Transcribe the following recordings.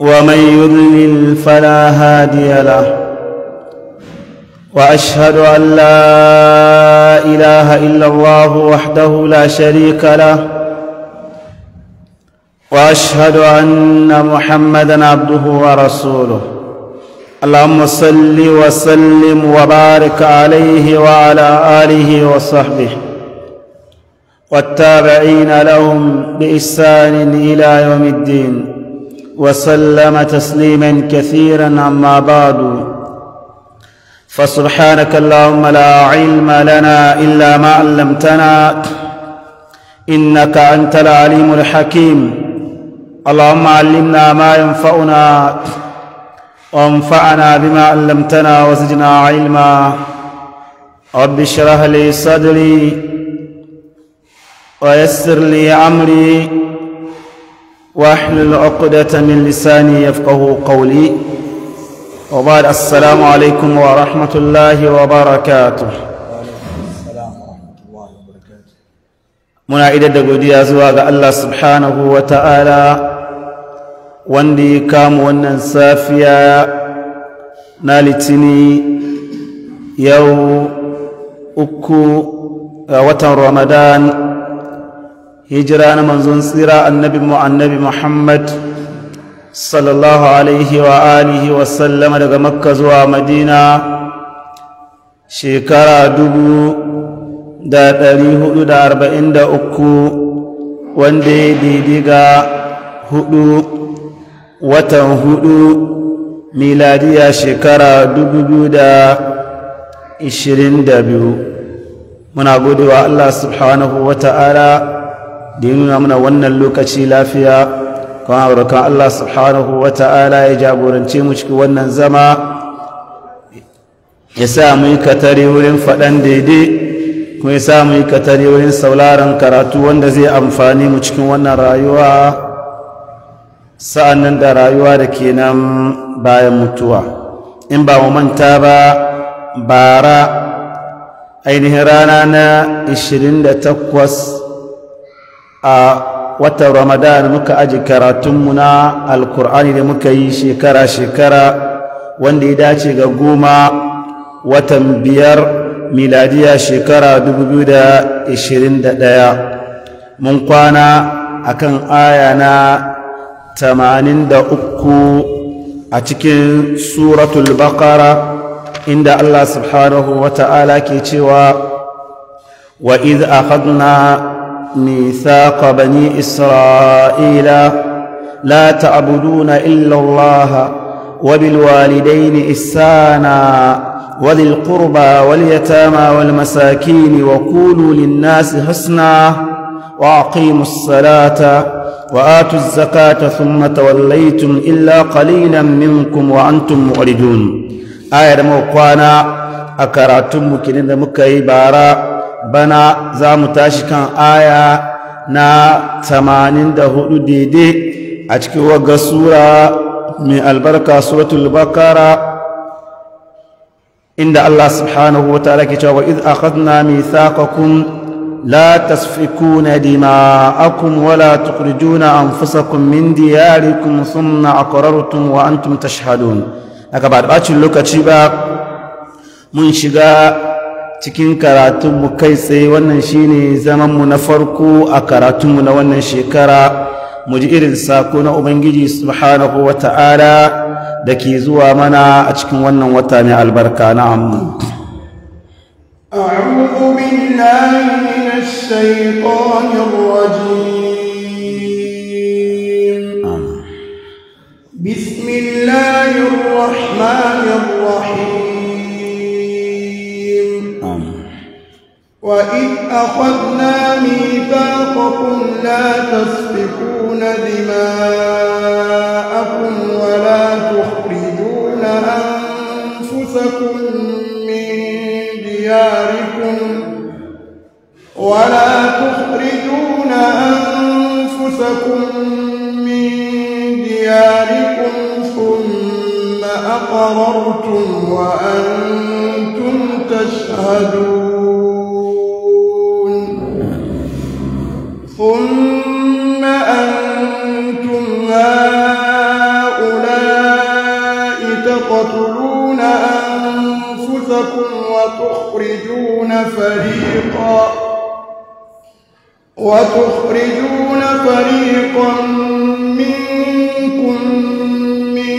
ومن يضلل فلا هادي له واشهد ان لا اله الا الله وحده لا شريك له واشهد ان محمدا عبده ورسوله اللهم صل وسلم وبارك عليه وعلى اله وصحبه والتابعين لهم باحسان الى يوم الدين وسلم تسليما كثيرا اما بعد فسبحانك اللهم لا علم لنا الا ما علمتنا انك انت العليم الحكيم اللهم علمنا ما ينفعنا وانفعنا بما علمتنا وزدنا علما رب اشرح لي صدري ويسر لي امري واحلل عقدة من لساني يفقه قولي وبعد السلام عليكم ورحمة الله وبركاته muna idar da godiya zuwa ga Allah subhanahu wa ta'ala wanda ya kama wannan safiya na litini yau uku watan ramadan hijira na manzon tsira annabi mu annabi muhammad sallallahu alaihi wa alihi wa sallama daga makka zuwa madina shekara dubu da ɗari hudu da arba'in da uku wanda ya didiga hudu watan hudu miladiya shekara dubu biyu da ishirin da biyu muna godewa allah subhanahu wa ta'ala da ya nuna mana wannan lokaci lafiya kuma barkan Allah subhanahu wa ta'ala ya jagorance mu cikin wannan zama ya sa mu yi katare wurin faɗan daidai kuma ya sa mu yi katare wurin sauraron karatu wanda zai amfani mu cikin wannan rayuwa sa'an nan da rayuwa da ke nan bayan mutuwa in ba mu manta ba bara ainihin rana na 28 a watan ramadan muka aji karatunmu na alkur'ani da muka yi shekara-shekara wanda ya dace ga goma watan biyar miladiya shekara 2021 mun kwana akan aya na 83 a cikin suratul baqara inda Allah subhanahu wa ta'ala ke cewa wa iz akhadna ميثاق بني إسرائيل لا تعبدون إلا الله وبالوالدين إحسانا وذي القربى واليتامى والمساكين وقولوا للناس حسنا وأقيموا الصلاة وآتوا الزكاة ثم توليتم إلا قليلا منكم وأنتم معرضون آية موقوانا أكراتم مكي بارا bana za mu tashi kan aya na 84 daidai a cikin wagga sura mai albarka suratul bakara inda Allah subhanahu wataala ke cewa iz akhadna mithaqakum la tasfikuna dima'akum wa la tukhrijuna anfusakum min diyarikum thumma aqrartum wa antum tashhadun aka ba da bacin lokaci ba mun shiga cikin karatunmu kai tsaye wannan shine zamanmu na farko a karatunmu na wannan shekara mu ji irin sako na ubangiji subhanahu wa ta'ala da ke zuwa mana a cikin wannan wata mai albarka na amma أعوذ بالله من الشيطان الرجيم بسم الله الرحمن الرحيم وإذ أخذنا ميثاقكم لا تسفكون دماءكم ولا تخرجون أنفسكم من دياركم ولا تخرجون أنفسكم من دياركم ثم أقررتم وأنتم تشهدون وتخرجون فريقا وتخرجون فريقا منكم من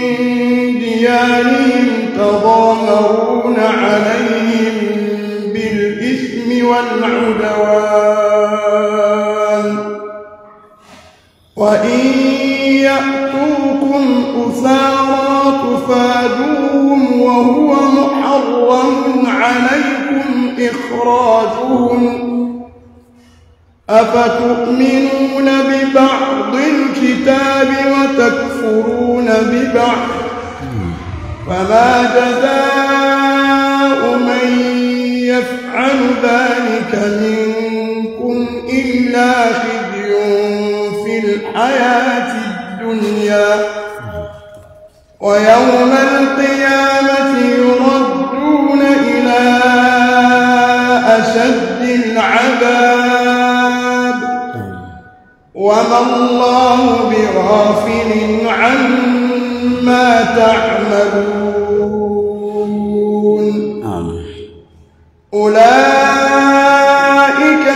ديارهم تظاهرون عليهم بالإثم والعدوان وإن يأتوكم أثارا إخراجهم أفتؤمنون ببعض الكتاب وتكفرون ببعض فما جزاء من يفعل ذلك منكم إلا خزي في الحياة الدنيا ويوم القيامة يرد من عذاب وما الله بغافل عما تعملون أولئك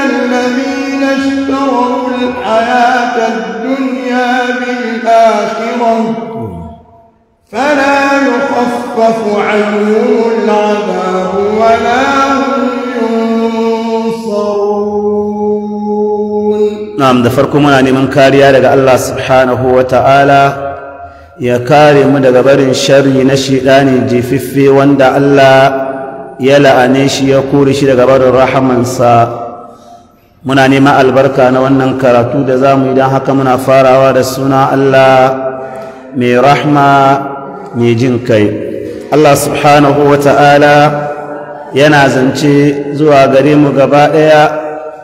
الذين اشتروا الحياة الدنيا بالآخرة فلا يخفف عنهم العذاب ولا هم ينصرون ينصرون da farko muna neman kariya daga Allah subhanahu wa ta'ala ya kare mu daga barin sharri na shidani jififfe wanda Allah ya la'ane shi ya kore shi daga barin rahamansa muna neman albarka na wannan karatu da zamu idan haka muna farawa da suna Allah mai rahma mai jin kai Allah subhanahu ta'ala yana zance zuwa gare mu gaba ɗaya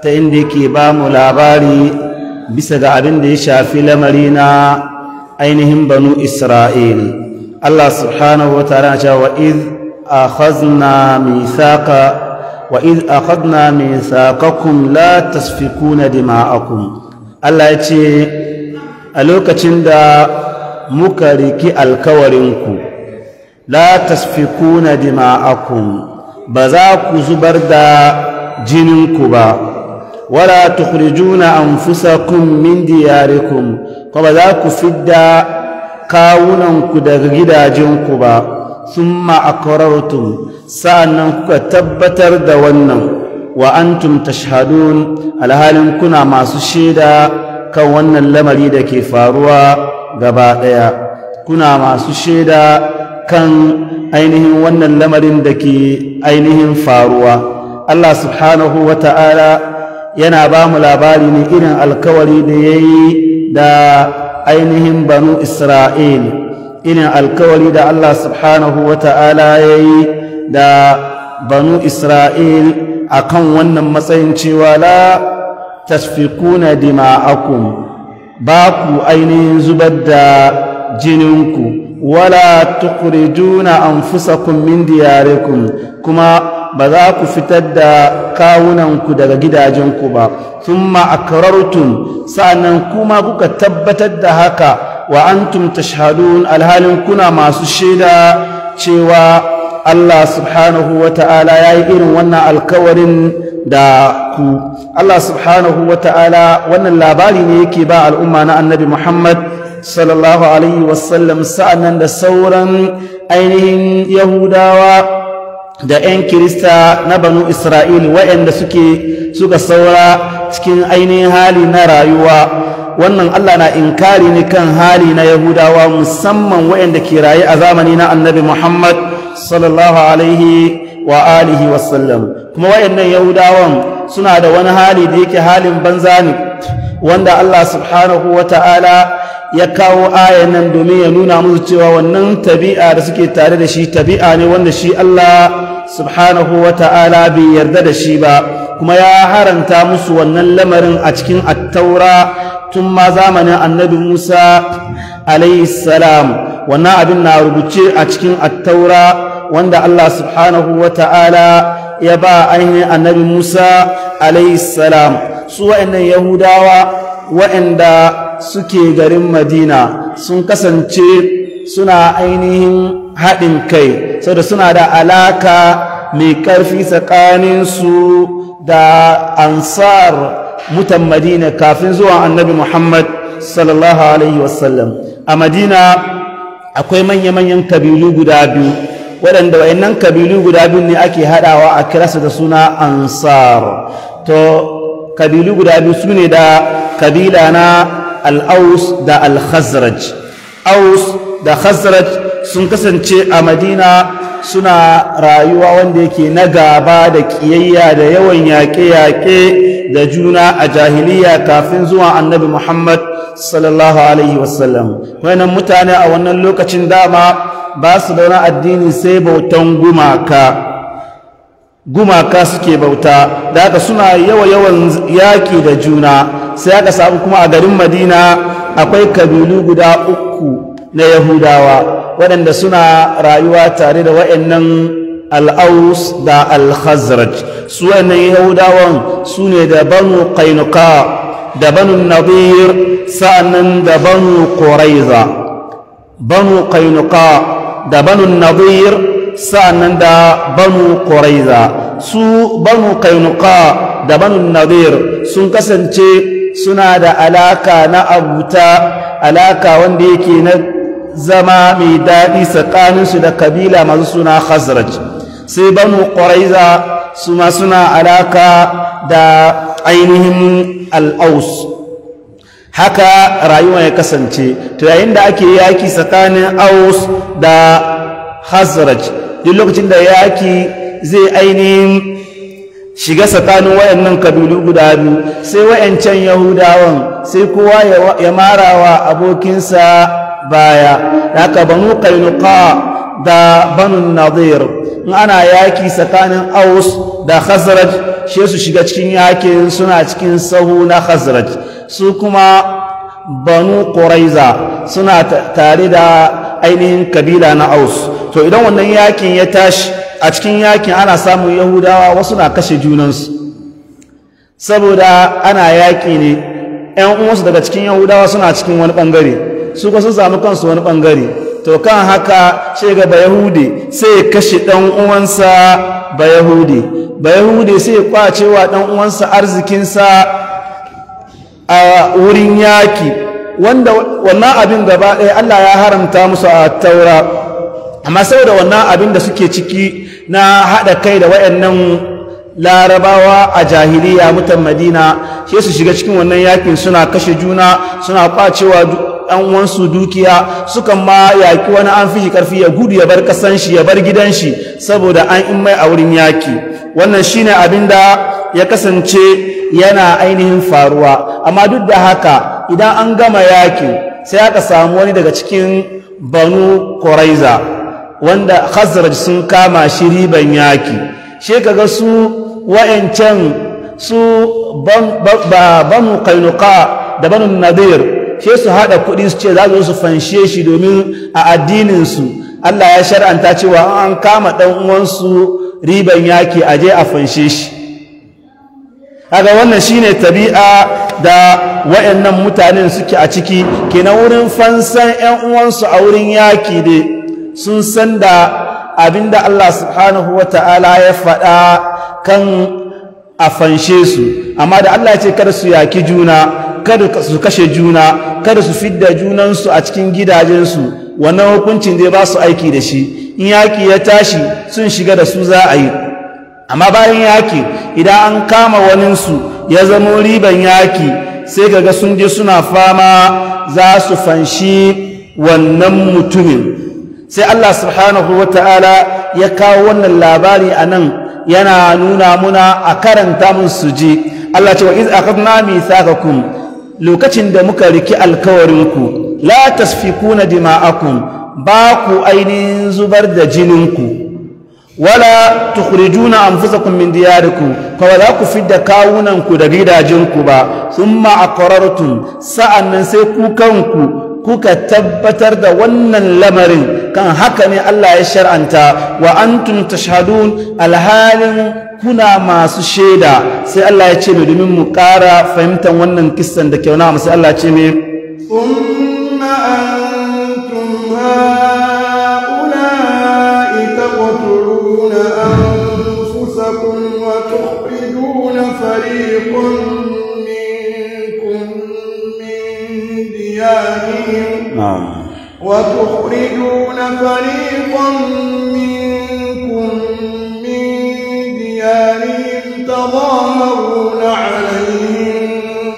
ta inda yake ba mu labari bisa ga abin da ya shafi lamari na ainihin banu isra'il Allah subhanahu wa ta'ala ce wa iz akhadna mithaqa وإذ أخذنا ميثاقكم لا تسفكون دماءكم الله يتي ألوكتين دا مكاريكي الكورينكو لا تسفكون دماءكم ba za ku zubar da jininku ba wala tukhrijuna anfusakum min diyarikum ko ba za ku fidda kawunanku daga gidajenku ba thumma aqrartum sa'annan kuka tabbatar da wannan wa antum tashhadun alhalin kuna masu shaida kan wannan lamari da ke faruwa gaba daya kuna masu shaida kan ainihin wannan lamarin da ke ainihin faruwa Allah subhanahu wa ta'ala yana ba mu labari ne irin alkawari da ya yi da ainihin banu isra'il irin alkawari da Allah subhanahu wa ta'ala ya yi da banu isra'il a kan wannan matsayin cewa la tashfikuna dima'akum ba ku ainihin zubar da jininku wala tukhrijuna anfusakum min diyarikum kuma ba za ku fitar da kawunanku daga gidajenku ba thumma akrartum sa'annan kuma kuka tabbatar da haka wa antum tashhadun alhalin kuna masu shaida cewa Allah subhanahu ya yayi irin wannan alkawarin da ku Allah subhanahu wannan labari ne yake ba al'umma na annabi Muhammad sallallahu alaihi wasallam sa'annan da sauran ainihin yahudawa da 'yan kirista na banu isra'il waɗanda suke suka saura cikin ainihin hali na rayuwa wannan allah na inkari ne kan hali na yahudawa musamman waɗanda ke raye a zamani na annabi muhammad sallallahu alaihi wa alihi wasallam kuma waɗannan yahudawan suna da wani hali da yake halin banza ne wanda allah subhanahu wa ta'ala ya kawo ayan nan domin ya nuna musu cewa wannan tabi'a da suke tare da shi tabi'a ne wanda shi Allah subhanahu wa ta'ala bai yarda da shi ba kuma ya haranta musu wannan lamarin a cikin attaura tun ma zamanin annabi Musa alayhi salam wannan abin na rubuce a cikin attaura wanda Allah subhanahu wa ta'ala ya ba ainihin annabi Musa alayhi salam su wa'annan yahudawa wa'anda suke garin madina sun kasance suna ainihin haɗin kai saboda suna da alaka mai ƙarfi tsakaninsu da ansar mutan madina kafin zuwa annabi muhammad sallallahu alaihi wasallam a madina akwai manya-manyan kabilu guda biyu waɗanda wayannan kabilu guda biyu ne ake haɗawa a kirasa da suna ansar to kabilu guda biyu su ne da kabila na al-aus da al-khazraj aus da khazraj sun kasance a madina suna rayuwa wanda yake na gaba da kiyayya da yawan yaƙe-yaƙe da juna a jahiliya kafin zuwa annabi muhammad sallallahu alaihi wasallam wannan mutane a wannan lokacin dama ba su da wani addini sai bautan gumaka gumaka suke bauta da haka suna yawa yawan yaƙi da juna sai aka samu kuma a garin madina akwai kabilu guda uku na yahudawa waɗanda suna rayuwa tare da waɗannan al'aus da al-khazraj su waɗannan yahudawan su ne da banu qainuqa da banu nadir sa'annan da banu quraiza banu qainuqa da banu nadir sa'annan da banu quraiza su banu qainuqa da banu nadir sun kasance suna da alaka na abuta alaka wanda yake na zama mai daɗi tsakaninsu da kabila masu suna khazraj sai banu ƙwaraiza su ma suna alaka da ainihin al'aus haka rayuwa ya kasance to yayin da ake yaki tsakanin aus da khazraj duk lokacin da yaki zai ainihin shiga tsakanin wayannan kabilu guda biyu sai wayancan yahudawan sai kowa ya marawa abokinsa baya haka banu qainuqa da banu nadir in ana yaki tsakanin aus da khazraj shi su shiga cikin yakin suna cikin sahu na khazraj su kuma banu quraiza suna tare da ainihin kabila na aus to idan wannan yakin ya tashi a cikin yakin ana samun yahudawa wasu na kashe junansu saboda ana yaƙi ne ‘yan uwansu daga cikin yahudawa suna cikin wani ɓangare su kwa sun samu kansu wani ɓangare to kan haka ce ga bayahude sai ya kashe ɗan uwansa bayahude bayahude sai ya kwace wa ɗan uwansa arzikinsa a wurin yaƙi wanda wannan abin gaba ɗaya Allah ya haramta musu a taura amma saboda wannan abin da suke ciki na haɗa kai da wayannan larabawa a jahiliya mutan madina shi su shiga cikin wannan yakin suna kashe juna suna kwacewa an wansu dukiya sukan ma yaki wani an fi karfi ya gudu ya bar kasan ya bar gidan shi saboda an in mai a wurin yaki wannan shi ne abin da ya kasance yana ainihin faruwa amma duk da haka idan an gama yaki sai aka samu wani daga cikin banu koraiza wanda khazraj sun kama shi riban yaki she kaga su wayancan su banu kainuka da banu nadir she su hada kudi su ce za su fanshe shi domin a addinin su Allah ya shar'anta cewa an kama dan uwansu riban yaki a je a fanshe shi kaga wannan shine tabi'a da wayannan mutanen suke a ciki kenan wurin fansan ƴan uwansu a wurin yaki dai sun san da abinda Allah subhanahu wa ta'ala ya faɗa kan a fanshe su amma da Allah ce kada su yaki juna kada su kashe juna kada su fidda junansu a cikin gidajensu wannan hukuncin zai ba su aiki da shi in yaki ya tashi sun shiga da su za a yi amma bayan yaki idan an kama waninsu ya zamo riban yaki sai ga sun je suna fama za su fanshi wannan mutumin sai Allah subhanahu ta'ala ya kawo wannan labari a nan yana nuna muna a karanta mun su ji Allah ce wa iz akhadna mithaqakum lokacin da muka riki alkawarinku la tasfikuna dima'akum ba ku ainihin zubar da jininku wala tukhrijuna anfusakum min diyarikum fa wala ku fidda kawunanku da gidajenku ba thumma aqrartum sa'annan sai ku kanku kuka tabbatar da wannan lamarin kan haka ne Allah ya shar'anta wa antum tashhadun alhalin kuna masu shaida sai Allah ya ce mai domin mu ƙara fahimtar wannan kissan da kyauna sai Allah ya ce mai نعم وتخرجون فريقا منكم من ديارهم تظاهرون عليهم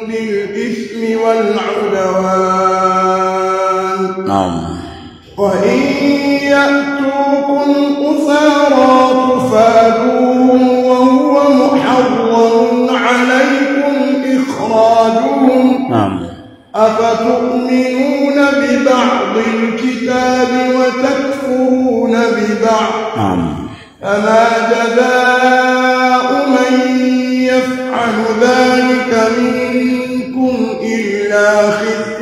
بالإثم والعدوان نعم وإن يأتوكم أسارى تفادوهم وهو محرم عليكم إخراجهم نعم أفتؤمنون ببعض الكتاب وتكفرون ببعض نعم فما جزاء من يفعل ذلك منكم إلا خزي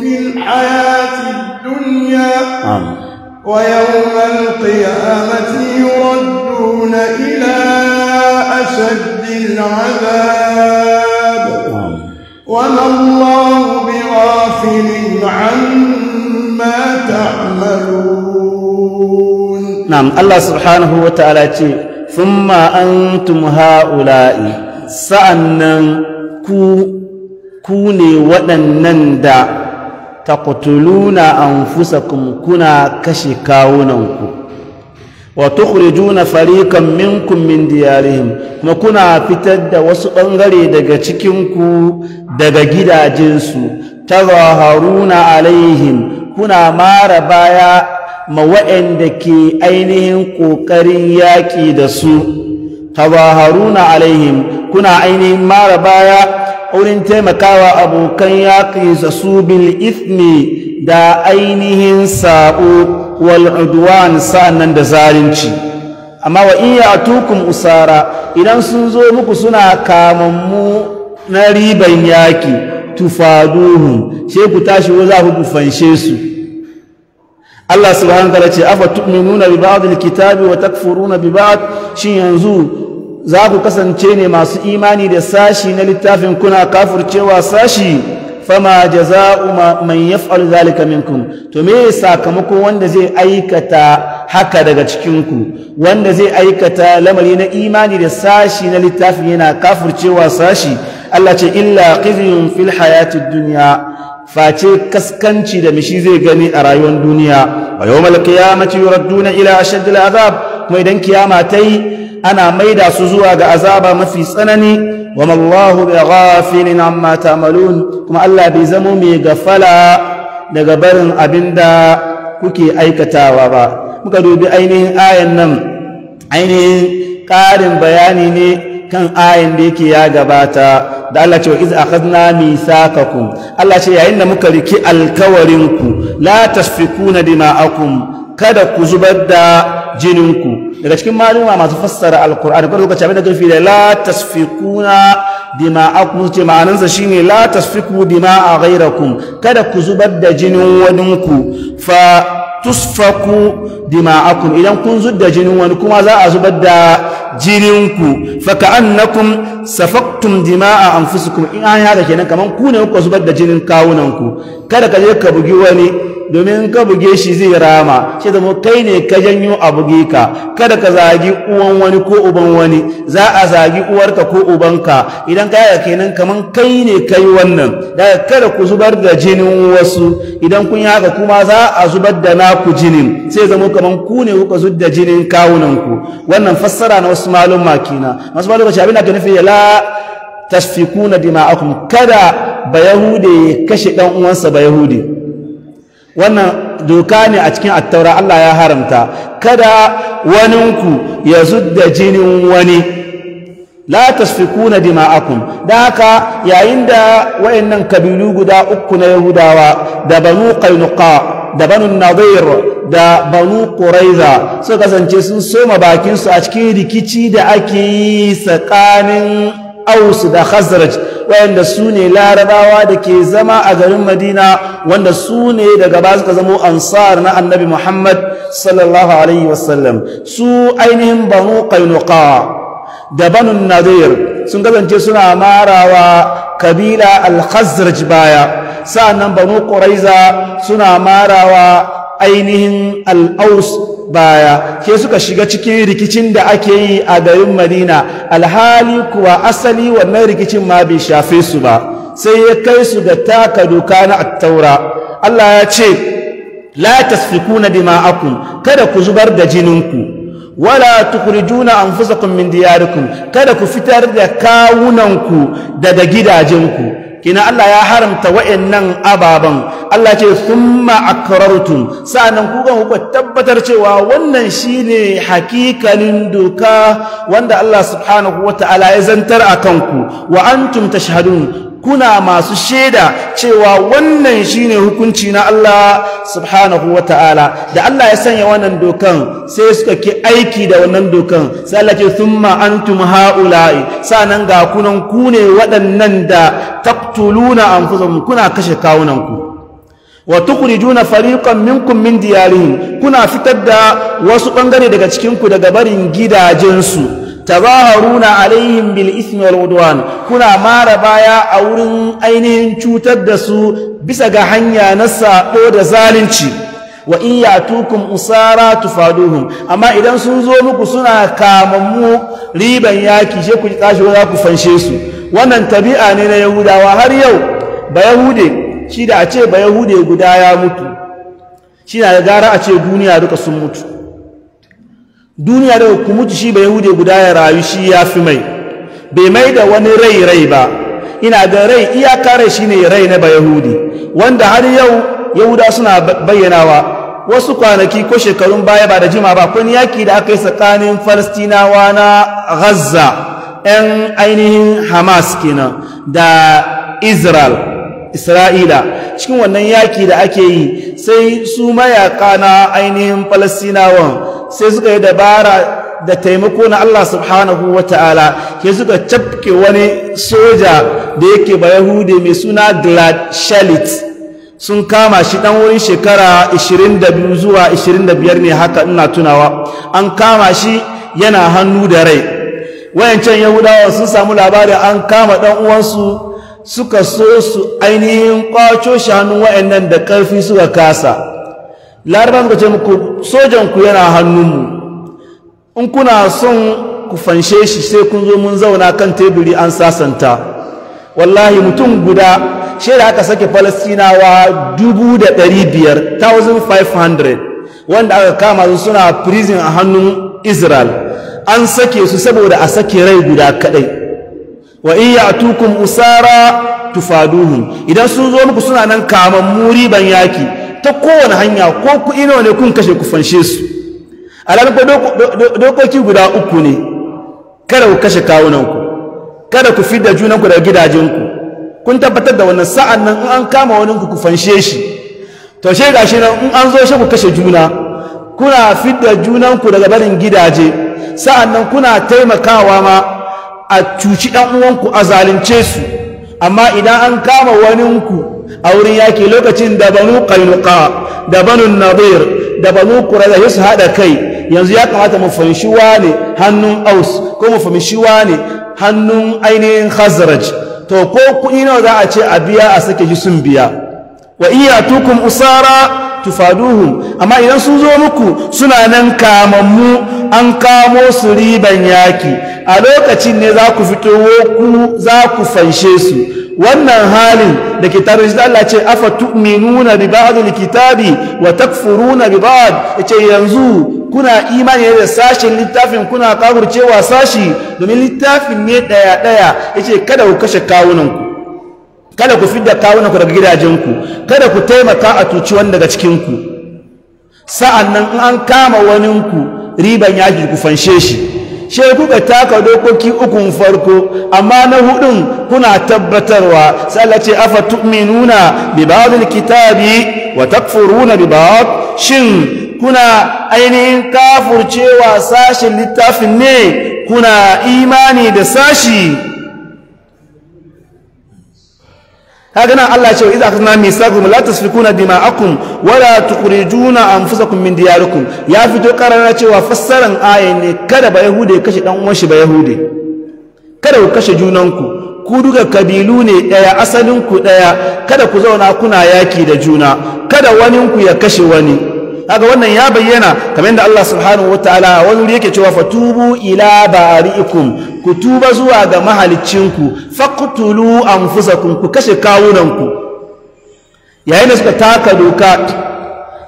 في الحياة الدنيا نعم ويوم القيامة يردون إلى أشد العذاب نعم. وما الله Allah عما تعملون نعم الله سبحانه وتعالى ثم أنتم هؤلاء سأنن ku ku ne waɗannan da ta taqtuluna anfusakum kuna kashe kawunanku wa tukhrijuna fariqan minkum min diyarihim kuma kuna fitar da wasu ɓangare daga cikinku daga gidajensu tazaharuna alaihim kuna mara baya ma waɗanda ke ainihin ƙoƙarin yaƙi da su tazaharuna alaihim kuna ainihin mara baya wurin taimakawa abokan yaki da su bil ithmi da ainihin sabo wal udwan sa'annan da zalunci amma wa iya tukun usara idan sun zo muku suna kamammu na riban yaƙi tufaduhu she ku tashi wa za ku fanshe su Allah subhanahu wataala ce afa tu'minuna bi ba'd alkitabi wa takfuruna bi ba'd shin yanzu za ku kasance ne masu imani da sashi na littafin kuna kafircewa sashi fama jaza'u man yaf'al zalika minkum to me sakamakon wanda zai aikata haka daga cikin ku wanda zai aikata lamari na imani da sashi na littafin yana kafircewa sashi Allah ce illa khizyun fil hayati dunya face kaskanci da mishi zai gani a rayuwar duniya wa yawmal qiyamati yuradduna ila ashaddil azab kuma idan kiyama tai ana maida su zuwa ga azaba mafi tsanani wa mallahu bi ghafilin amma ta'malun kuma Allah bai zamo mai gafala daga barin abinda kuke aikatawa ba muka dubi ainihin ayan nan ainihin ƙarin bayani ne kan ayin da yake ya gabata da Allah ce wa iz akhadna mithaqakum Allah ce yayin da muka riki alkawarinku la tasfikuna dima'akum kada ku zubar da jininku daga cikin maluma masu fassara alkur'ani kuma lokaci abin da garfi da la tasfikuna dima'akum ce ma'anansa shine la tasfiku dima'a ghairakum kada ku zubar da jinin waninku fa tusfaku dima'akum idan kun zudda jinin wani kuma za a zubar da jininku faka annakum safaktum dima'a anfusukum in an haka kenan kaman ku ne kuka zubar da jinin kawunanku kada ka je ka bugi wani domin ka buge shi zai rama shi zama kai ne ka janyo a buge ka kada ka zagi uwan wani ko uban wani za a zagi uwarka ko ubanka idan ka yaya kenan kaman kai ne kai wannan daga kada ku zubar da jinin wasu idan kun yi kuma za a zubar da naku jinin sai zama kaman ku ne kuka zubar da jinin kawunanku wannan fassara na wasu malum makina masu malum abin da ka nufi la tasfikuna dima'akum kada ba ya kashe dan uwansa ba bayahude wannan doka ne a cikin attaura Allah ya haramta kada waninku ya zudda jinin wani la tasfikuna dima'akum da haka yayin da wayannan kabilu guda uku na yahudawa da banu qainuqa da banu nadir da banu quraiza su kasance sun soma bakin su a cikin rikici da ake yi tsakanin aus da khazraj wayanda su ne larabawa da ke zama a garin madina wanda su ne daga ba suka zamo ansar na annabi muhammad sallallahu alaihi wasallam su ainihin banu kainuka da banu nadir sun kasance suna marawa kabila al-khazraj baya sa'annan banu quraiza suna marawa ainihin al'aus baya ke suka shiga cikin rikicin da ake yi a garin madina alhali kuwa asali wannan rikicin ma bai shafe su ba sai ya kai su ga taka doka na attaura Allah ya ce la tasfikuna dima'akum kada ku zubar da jininku wala an anfusakum min diyarikun kada ku fitar da kawunanku daga gidajenku kina Allah ya haramta wa'annan ababan Allah ce thumma akrartum sanan ku gan ku tabbatar cewa wannan shine hakikalin doka wanda Allah subhanahu wataala ya zantar akan ku wa antum tashhadun kuna masu shaida cewa wannan shine hukunci na Allah subhanahu wa ta'ala. da Allah ya sanya wannan dokan sai suka ki aiki da wannan dokan sai Allah ce thumma antum haula'i sanan ga kunan ku ne waɗannan da taqtuluna anfusakum kuna kashe kawunanku wa tukhrijuna fariqan minkum min diyarihim kuna fitar da wasu ɓangare daga cikinku daga barin gidajensu tazaharuna alaihim bil ismi wal udwan kuna mara baya a wurin ainihin cutar da su bisa ga hanya na sabo da zalunci wa in yatukum usara tufaduhum amma idan sun zo muku suna kamammu riban yaki she ku tashi za ku fanshe su wannan tabi'a ne na yahudawa har yau ba yahude shi da a ce ba yahude guda ya mutu shi da gara a ce duniya duka sun mutu duniya da ku mutu shi ba yahudi guda ya rayu shi ya fi mai bai mai da wani rai rai ba ina da rai iyaka rai shine rai na ba yahudi wanda har yau yahuda suna bayyanawa wasu kwanaki ko shekarun baya ba da jima ba kun yaki da aka yi tsakanin falastinawa na gaza 'yan ainihin hamas kenan da israel isra'ila cikin wannan yaki da ake yi sai su mayaka na ainihin falastinawa sai suka yi dabara da taimako na Allah subhanahu wa ta'ala ke suka cafke wani soja da yake ba yahude mai suna glad shalit sun kama shi dan wurin shekara 22 zuwa 25 ne haka ina tunawa an kama shi yana hannu da rai wayancan yahudawa sun samu labarin an kama dan uwansu suka so su ainihin kwaco shanun wa'annan da ƙarfi suka kasa larabar ga ce muku ku yana hannunmu in kuna son ku fanshe shi sai kun zo mun zauna kan teburi an sasanta wallahi mutum guda shi aka sake falastinawa 1,500 wanda aka kama su suna prison a hannun israel an sake su saboda a sake rai guda kadai wa in ya'tukum usara tufaduhum idan sun zo muku suna nan kaman muri ban yaki ta kowane hanya ko ku ino ne kun kashe ku fanshe su ko dokoki guda uku ne kada ku kashe kawunanku kada ku fidda junanku daga gidajenku kun tabbatar da wannan sa'an nan in an kama wani ku ku fanshe shi to ga gashi nan in an zo shi ku kashe juna kuna fidda junanku daga barin gidaje sa'an nan kuna taimakawa ma a cuci ɗan uwanku a zalunce su amma idan an kama waninku a wurin yaki lokacin da banu qainuqa da banu nadir da banu da yasu haɗa kai yanzu ya kamata mu fahimci wane hannun aus ko mu fahimci wane hannun ainihin hazraj to ko kuɗi nawa za a ce a biya a sake shi sun biya wa iya tukun usara tufaduhum amma idan sun zo muku suna nan kamammu an kamo su riban yaki a lokacin ne za ku fito ku za ku fanshe su wannan halin da ke tare da Allah ce afa tu'minuna bi ba'd al-kitabi wa takfuruna bi ba'd yace yanzu kuna imani da sashin littafin kuna kafircewa sashi domin littafin ne daya daya yace kada ku kashe kawunanku kada ku fidda kawunanku daga gidajenku kada ku taimaka a tuci wani daga cikinku sa'an nan in an kama waninku riban yaji ku fanshe shi sai ka taka dokoki ukun farko amma na hudun kuna tabbatarwa sai Allah ce afa tu'minuna bi ba'dil kitabi wa takfuruna bi ba'd shin kuna ainihin kafurcewa sashin littafin ne kuna imani da sashi kaga nan Allah ya ce idza akhadna mithaqakum la tasfikuna dima'akum wa la tukhrijuna anfusakum min diyarikum ya fito karara cewa fassaran aya ne kada ba yahude ya kashe dan uwan shi ba yahude kada ku kashe junanku ku duka kabilu ne daya asalin ku daya kada ku zauna kuna yaki da juna kada waninku ya kashe wani kaga wannan ya bayyana kamar yadda Allah subhanahu wataala wani wuri yake cewa fatubu ila bari'ikum ku tuba zuwa ga mahalicinku faqtulu anfusakum ku kashe kawunanku yayin da suka taka doka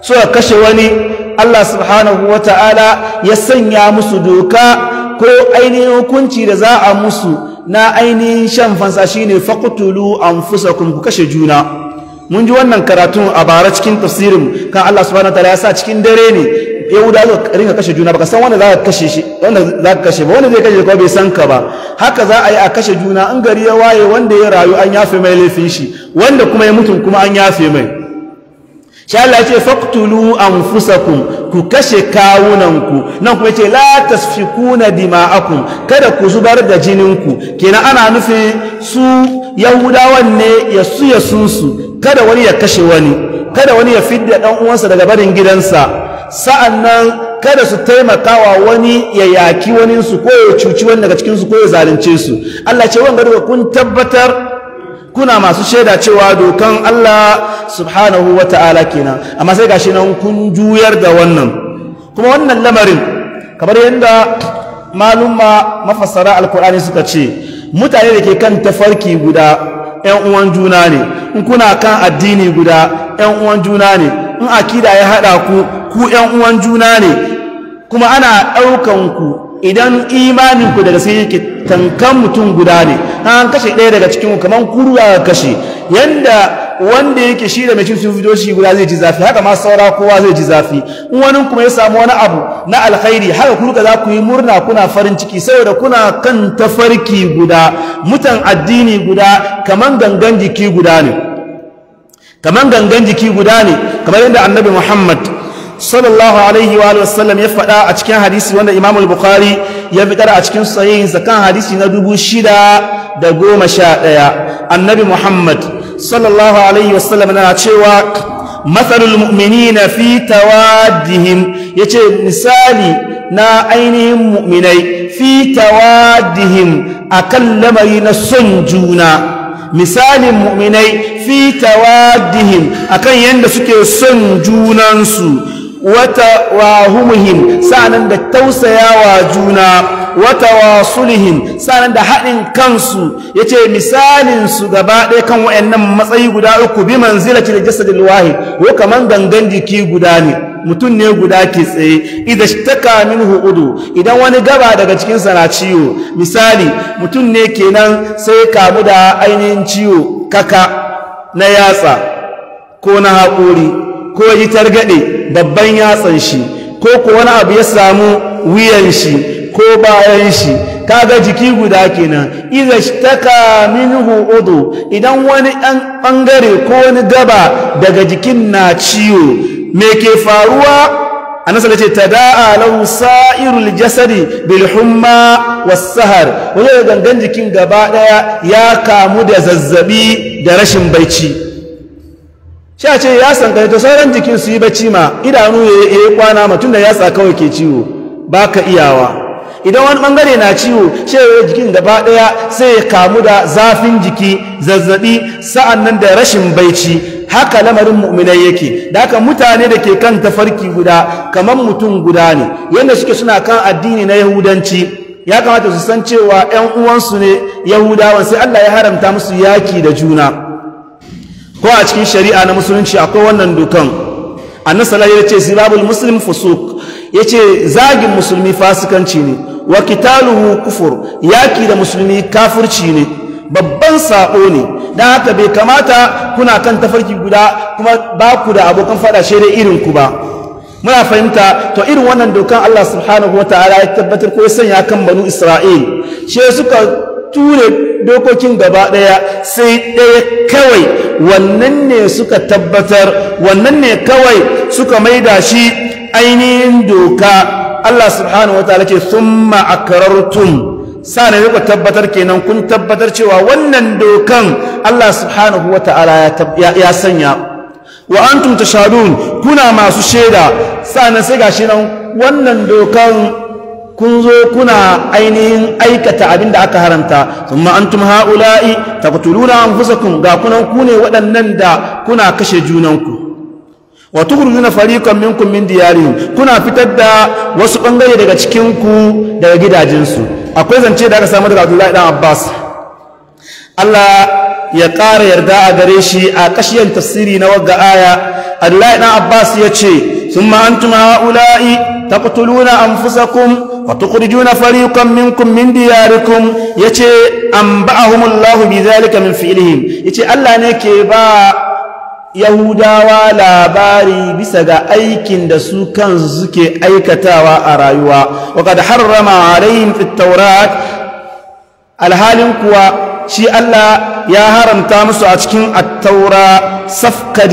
suka kashe wani Allah subhanahu wataala ya sanya musu doka ko ainihin hukunci da za a musu na ainihin shan fansa shine faqtulu anfusakum ku kashe juna mun ji wannan karatun a bara cikin tafsirin kan Allah subhanahu wataala ya sa cikin dare ne ya za ka ringa kashe juna baka san wanda za ka kashe shi wanda za ka kashe ba wanda zai kashe ko bai san ka ba haka za a yi a kashe juna in gari ya waye wanda ya rayu an yafe mai laifin shi wanda kuma ya mutu kuma an yafe mai sha Allah ce an anfusakum ku kashe kawunanku nan kuma ce la tasfikuna dima'akum kada ku zubar da jininku kenan ana nufin su yahudawan ne ya su ya sunsu kada wani ya kashe wani kada wani ya fidda dan uwansa daga barin gidansa sa'annan kada su taimakawa wani ya yaki waninsu ko ya cuci wani daga cikinsu ko ya zalunce su Allah ce wanga duka kun tabbatar kuna masu shaida cewa dokan Allah subhanahu wa kenan amma sai gashi nan kun juyar da wannan kuma wannan lamarin kamar yadda maluma mafassara alkur'ani suka ce mutane da ke kan tafarki guda ‘yan uwan juna ne in kuna kan addini guda ‘yan uwan juna ne in akida ya haɗa ku ku ‘yan uwan juna ne kuma ana ɗaukan ku idan imaninku daga sai yake tankan mutum guda ne an kashe ɗaya daga cikin kamar kuruwa kashe yanda wanda yake shi da mai cin sun fito shi guda zai ji zafi haka ma saura kowa zai ji zafi in wani kuma ya samu wani abu na alkhairi haka ku za ku yi murna kuna farin ciki saboda kuna kan tafarki guda mutan addini guda kaman gangan jiki guda ne kaman gangan jiki guda ne kamar yadda annabi Muhammad sallallahu alaihi wa sallam ya faɗa a cikin hadisi wanda Imam al-Bukhari ya fitar a cikin sahihinsa kan hadisi na ɗaya annabi Muhammad sallallahu alaihi wasallam na cewa matsalul mu'minina fi tawaddihim yace misali na ainihin mu'minai fi tawaddihim akan lamari na son juna misalin mu'minai fi tawaddihim akan yanda suke son junansu wata wahumuhim sa'anan da tausayawa juna wa tawasulihim sanan da haɗin kansu yace misalin su gaba ɗaya kan wayannan matsayi guda uku bi manzilati jasadil wahid ko kaman gangan jiki guda ne mutum ne guda ke tsaye idan shtaka minhu udu idan wani gaba daga cikin sa na ciwo misali mutum ne kenan sai kamu da ainihin ciwo kaka na yatsa ko na hakuri ko yi targade babban yatsan shi ko ko wani abu ya samu wuyan shi ko bayan shi kaga jiki guda kenan iza shtaka minhu udu idan wani ɗan bangare ko wani gaba daga jikin na ciwo me ke faruwa annasa ce tada'a lahu sa'irul jasadi bil humma was sahar wani gangan jikin gaba daya ya kamu da zazzabi da rashin bacci sha ce ya san kai to sauran jikin su yi bacci ma idanu ya yi kwana ma da ya kawai ke ciwo baka iyawa idan wani bangare na ciwo shi shewar jikin gaba daya sai ya kamu da zafin jiki zazzabi sa'an nan da rashin baici haka lamarin mu'minai yake da haka mutane da ke kan tafarki guda kamar mutum guda ne yadda suke suna kan addini na yahudanci ya kamata su san cewa 'yan uwansu ne yahudawan sai Allah ya haramta musu yaki da juna ko a cikin shari'a na musulunci akwai wannan dokan A nasarar ya ce sibabul muslim fusuk yace zagin musulmi fasikanci ne wa qitaluhu kufur yaki da musulmi kafurci ne babban sabo ne da haka bai kamata kuna kan tafarki guda kuma ba ku da abokan fada shi dai irin ku ba muna fahimta to irin wannan dokan Allah subhanahu wataala ya tabbatar ko ya sanya kan banu Isra'il she suka ture dokokin gaba ɗaya sai ɗaya kawai wannan ne suka tabbatar wannan ne kawai suka maida shi ainihin doka Allah subhanahu wa ta'ala ce sun thumma akarartum sanin ku tabbatar kenan kun tabbatar cewa wannan dokan Allah subhanahu wa ta'ala ya sanya wa an tumta shaɗun kuna masu shaida sanin sai gashi nan wannan dokan kun zo kuna ainihin aikata abin da aka haramta ma'an tum haula'i taqtuluna anfusakum ga kunan ku ne waɗannan da kuna kashe junanku wa tukhrujuna fariqan minkum min diyarihim kuna fitar da wasu bangare daga cikin ku daga gidajensu akwai zance da aka samu daga Abdullahi dan Abbas Allah ya kara yarda a gare shi a kashiyan tafsiri na wagga aya Abdullahi dan Abbas ya ce thumma antum haula'i taqtuluna anfusakum wa tukhrijuna fariqan minkum min diyarikum yace an ba'ahumullahu bi zalika min fi'lihim yace Allah ne ke ba yahudawa labari bisa ga aikin da su kansu suke aikatawa a rayuwa waqad harrama alaihim fit tawrat alhalin kuwa shi Allah ya haramta musu a cikin attaura safka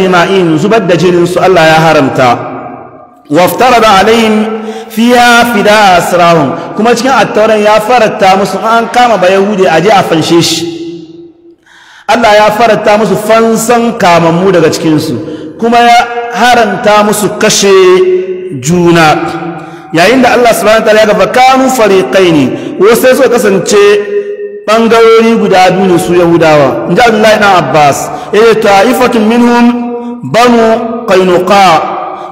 zubar da jininsu su Allah ya haramta waftarada alaihim fiha fida asrahum kuma cikin attauran ya farata musu an kama ba yahudi je a fanshe shi Allah ya faranta musu fansan kamammu daga cikinsu kuma ya haranta musu kashe juna yayin da Allah subhanahu ta'ala ya gaba kanu fariqaini wa sai suka kasance bangarori guda biyu ne su yahudawa inda Allah ibn Abbas yace eh, ta'ifatun minhum banu qainuqa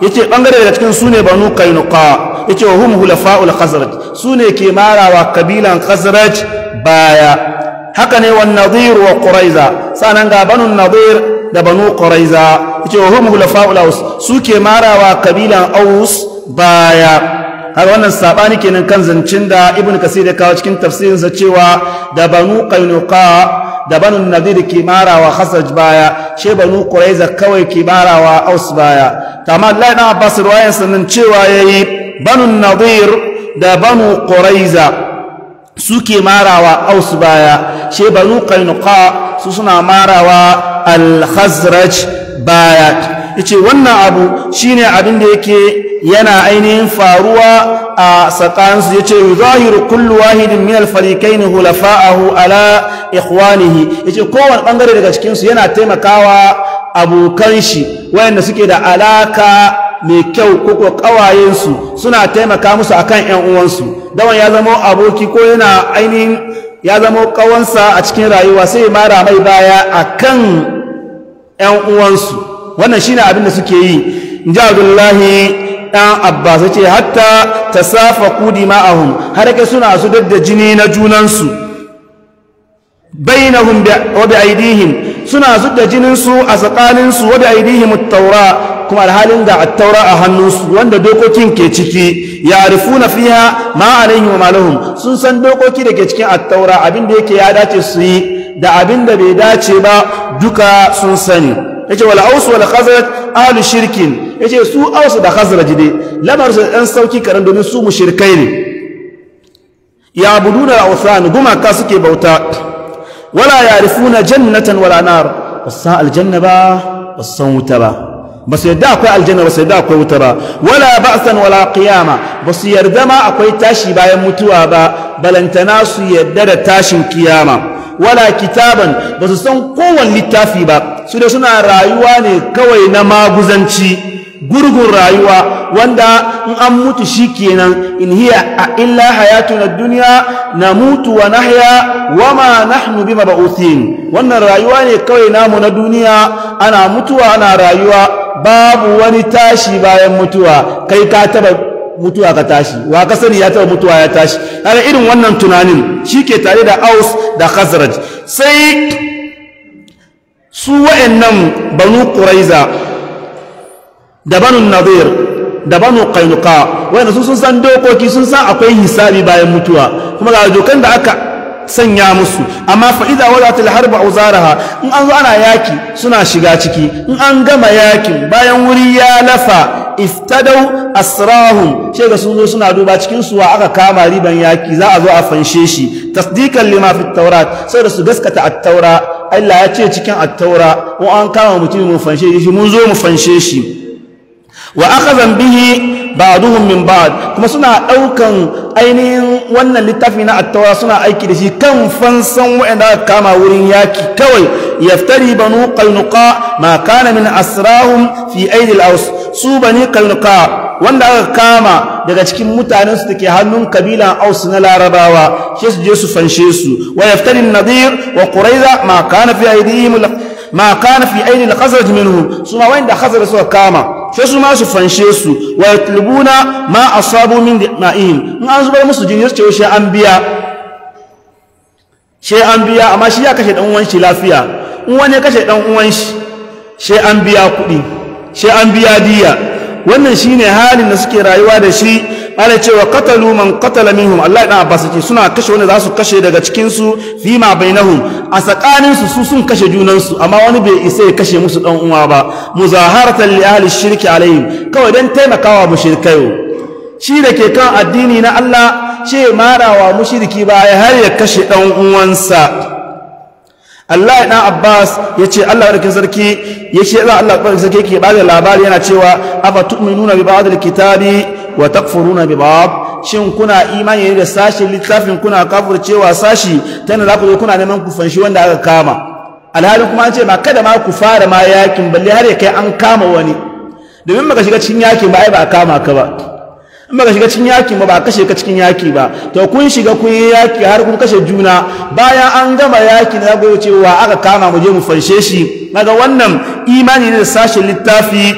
yace bangare daga cikin su ne banu qainuqa yace wa hum hulafa'ul khazraj su ne ke marawa kabilan khazraj baya haka ne wa nadir wa quraiza sanan ga banu nadir da banu quraiza hum aus suke marawa kabilan aus baya har wannan sabani kenan kan zancin da ibnu kasir ya kawo cikin tafsirinsa cewa da banu qainuqa da banu nadir ke marawa khasaj baya she banu quraiza kawai ke marawa aus baya kama Allah dan Abbas ruwayan sanan cewa yayi banu nadir da banu quraiza suke marawa aus baya she banu qainuqa su suna marawa al-khazraj baya yace wannan abu shine abin da yake yana ainihin faruwa a sakansu yace yuzahiru kullu wahidin min al-fariqayn hulafa'ahu ala ikhwanihi yace kowane bangare daga cikin su yana taimakawa abokan shi wayanda suke da alaka mai kyau ko kawayensu suna taimaka musu akan 'yan uwansu dawan ya zama aboki ko yana ainihin ya zama kawansa a cikin rayuwa sai mara mai baya akan 'yan uwansu wannan shine abin da suke yi inji Abdullahi dan Abbas ce hatta ta tasafaku dima'ahum har kai suna su dadda jini na junansu bainahum wa bi aidihim suna zudda jinin su a tsakanin su wa bi aidihim at-taura kuma alhalin da at-taura a hannun su wanda dokokin ke ciki ya'rifuna fiha ma alaihim wa malahum sun san dokoki da ke cikin at-taura abin da yake ya dace su yi da abin da bai dace ba duka sun sani yace wal aus wal khazraj ahli shirkin yace su aus da khazraj dai lamar su dan sauki karan domin su mushrikai ne ya buduna al-awthan gumaka suke bauta wala yarifuna jannatan wala nar basan aljanna ba basan wuta ba basu yadda akwai aljanna basu yadda akwai wuta ba wala ba'san wala qiyama basu yarda ma akwai tashi bayan mutuwa ba balantana su yarda da tashin kiyama wala kitaban basu san kowanne littafi ba su da suna rayuwa ne kawai na maguzanci gurgun rayuwa wanda in an mutu shi kenan in hiya a illa hayatu na duniya na mutu wa nahya wa ma nahnu bi mab'uthin wannan rayuwa ne kawai namu na duniya ana mutuwa ana rayuwa babu wani tashi bayan mutuwa kai ka taba mutuwa ka tashi wa ka sani ya taba mutuwa ya tashi har irin wannan tunanin shike tare da aus da khazraj sai su wa'annan banu quraiza da banu nadir da banu qainuqa wanda su sun san dokoki sun san akwai hisabi bayan mutuwa kuma ga dokan da aka sanya musu amma fa idza wadatil harba uzaraha in an zo ana yaki suna shiga ciki in an gama yakin bayan wuri ya lafa iftadau asrahum sai ga sun zo suna duba cikin su wa aka kama riban yaki za a zo a fanshe shi tasdikan lima taurat, tawrat sai da su gaskata at-taura Allah ya ce cikin at-taura ko an kama mutum mu fanshe shi mun zo mu fanshe shi wa akazan bihi ba min ba'd kuma suna daukan ainihin wannan littafi na attawa suna aiki da shi kan fansan wa'anda aka kama wurin yaki kawai yaftari banu qainuqa ma kana min asrahum fi aidil aus su bani qainuqa wanda aka kama daga cikin mutanen su take hannun kabilan aus na larabawa shi su je su fanshe su wa yaftari nadir wa quraiza ma kana fi aidihim ma kana fi aidil khazraj minhu suma wanda khazraj suka kama sai su ma su fanshe su wa yatlubuna ma asabu min ma'in in an zubar musu jini su ce shi an biya shi an biya amma shi ya kashe dan uwan shi lafiya in wani ya kashe dan uwan shi shi an biya kudi shi an biya diya wannan shine halin da suke rayuwa da shi ala cewa qatalu man qatala minhum Allah dan Abbas ce suna kashe wanda za su kashe daga cikin su ma bainahum a sakanin su su sun kashe junan su amma wani bai isa ya kashe musu dan uwa ba muzaharatan li ahli shirki alaihim kawai dan taimakawa mushrikayo shi da ke kan addini na Allah ce marawa mushriki ba ya har ya kashe dan uwansa Allah ya Abbas ya ce Allah ya sarki ya ce za Allah ya sarki ke ba da labari yana cewa afa tu'minuna bi ba'd al-kitabi wa takfuruna bi ba'd shin kuna imani ne da sashi littafin kuna kafir cewa sashi ta za ku zo kuna neman ku fanshi wanda aka kama alhalin kuma an ce ba kada ma ku fara ma yakin balle har ya kai an kama wani domin baka shiga cikin yakin ba ai ba a kama ka ba ba ka shiga cikin yaki ba ba kashe ka cikin yaki ba to kun shiga kun yi yaki har kun kashe juna bayan an gama yaki na cewa aka kama mu je mu fanshe shi daga wannan imani ne da sashi littafi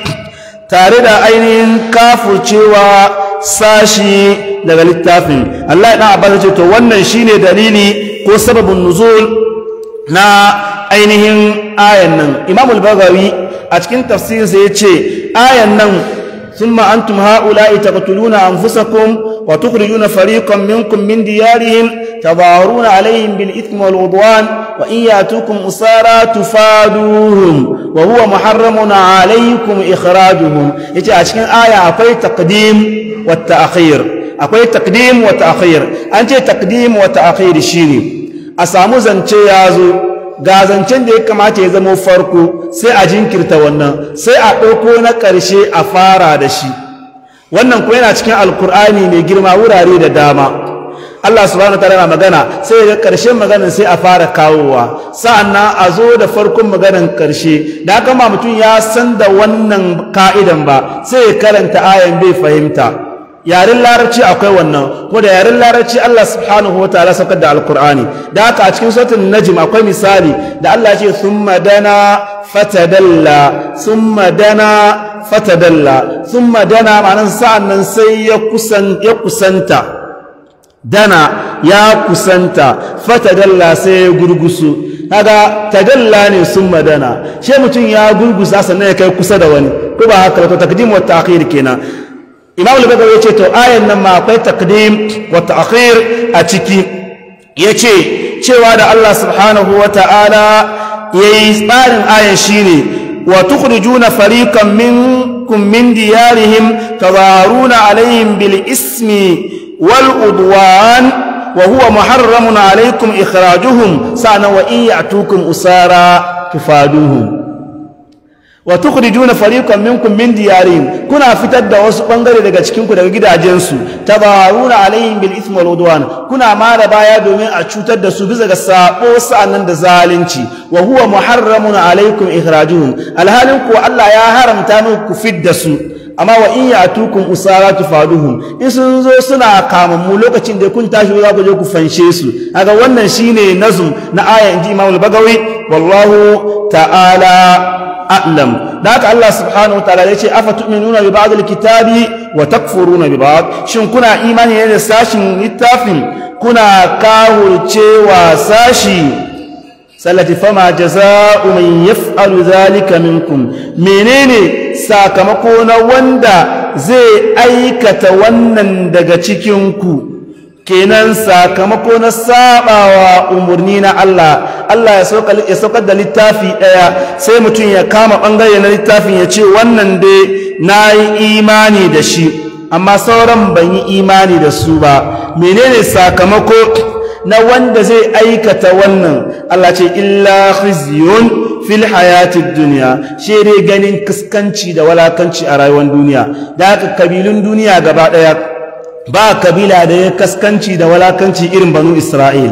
tare da ainihin kafurcewa sashi daga littafin Allah ya abbas ce to wannan shine dalili ko sababin nuzul na ainihin ayan nan Imam al-Baghawi a cikin tafsirinsa yace ayan nan ثم أنتم هؤلاء تقتلون أنفسكم وتخرجون فريقا منكم من ديارهم تظاهرون عليهم بالإثم والعدوان وإن يأتوكم أسارى تفادوهم وهو محرم عليكم إخراجهم يجي أشكين آية أقوي تقديم والتأخير أقوي تقديم والتأخير أنت تقديم والتأخير شيني أسامو زنتي يازو gazancen da ya kamata ya zama farko sai a jinkirta wannan sai a ɗauko na ƙarshe a fara da shi wannan kuma yana cikin alkur'ani mai girma wurare da dama Allah subhanahu wataala magana sai ga ƙarshen maganin sai a fara kawowa sa'annan a zo da farkon maganin ƙarshe da aka ma mutum ya san da wannan ka'idan ba sai ya karanta ayan bai fahimta Yarin larabci akwai wannan ko da yaren larabci Allah subhanahu wa ta'ala saukar da alkur'ani da haka a cikin suratul najm akwai misali da Allah ya ce thumma dana fatadalla thumma dana fatadalla thumma dana ma'anar sa'annan sai ya ya kusanta dana ya kusanta fatadalla sai ya gurgusu kaga tadalla ne thumma dana shi mutun ya gurgusa sannan ya kai kusa da wani ko ba haka ba to takdim wa ta'khir kenan imam al ya ce to ayan nan ma akwai takdim wa ta'khir a ciki yace cewa da Allah subhanahu wa ta'ala yayi tsarin ayan shine wa tukhrijuna fariqan minkum min diyarihim tawaruna alaihim bil ismi wal udwan muharramun alaikum ikhrajuhum إخراجهم سأنا وإن يأتوكم أسارا تفادوهم wa tukhrijuna fariqan minkum min diyarihim kuna fitar da wasu bangare daga cikin ku daga gidajensu tabaruna alaihim bil ithmi wal udwan kuna mara baya domin a cutar da su bisa ga sabo sa'annan da zalunci wa huwa muharramun alaikum ikhrajuhum alhalin ku Allah ya haramta ku fidda su amma wa in yatukum usara tufaduhum in sun zo suna mu lokacin da kun tashi za ku je ku fanshe su kaga wannan shine nazum na aya inji Imam al-Bagawi wallahu ta'ala a'lam da haka Allah subhanahu wataala ya ce afa tu'minuna bi ba'd al-kitabi wa takfuruna bi ba'd shin kuna imani ne da sashin littafin kuna kahurcewa sashi sallati fama jazaa'u man yaf'alu dhalika minkum menene sakamako na wanda zai aikata wannan daga cikin ku kenan sakamako na sabawa umarni na Allah Allah ya saukar da littafi ɗaya sai mutum ya kama ɓangare na littafin ya ce wannan dai nayi imani da shi amma sauran ban yi imani da su ba menene sakamako na wanda zai aikata wannan Allah ce illa khizyun fil hayatid dunya shi ganin kiskanci da walakanci a rayuwar duniya da haka kabilun duniya gaba ɗaya ba kabila da ya kaskanci da walakanci irin banu isra'il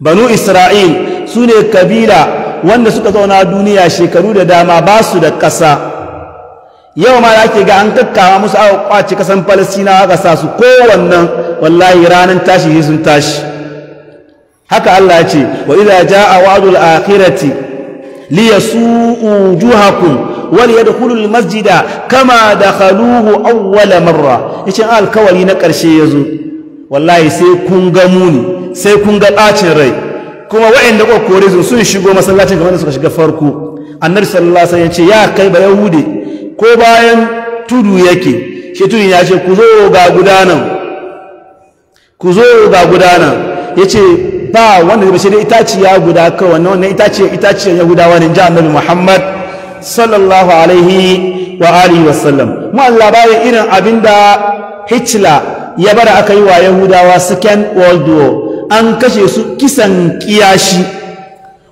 banu isra'il su ne kabila wanda suka zauna duniya shekaru da dama ba su da ƙasa yau ma da ake ga an kakkawa musu aka kwace kasan falasina aka sa su kowannan wallahi ranar tashi sun tashi haka Allah ce wa idza jaa wa'dul akhirati liyasu'u wujuhakum وليدخلوا المسجد masjida kama dakhaluhu awwala marra yace alkawari na karshe yazo wallahi sai kun ga muni sai kun ga bacin rai kuma waɗanda ko kore sun shigo masallacin kamar suka shiga farko annabi sallallahu alaihi wasallam yace ya kai ba yahude ko bayan tudu yake shi tudu ya ce ku zo ku zo yace ba wanda bai shi da itaciya guda kawai wannan itaciyar itaciyar yahudawa ne ji annabi muhammad sallallahu alaihi wa alihi wasallam mu Allah baya irin abinda Hitler ya bara aka yi wa Yahudawa second world war an kashe su kisan kiyashi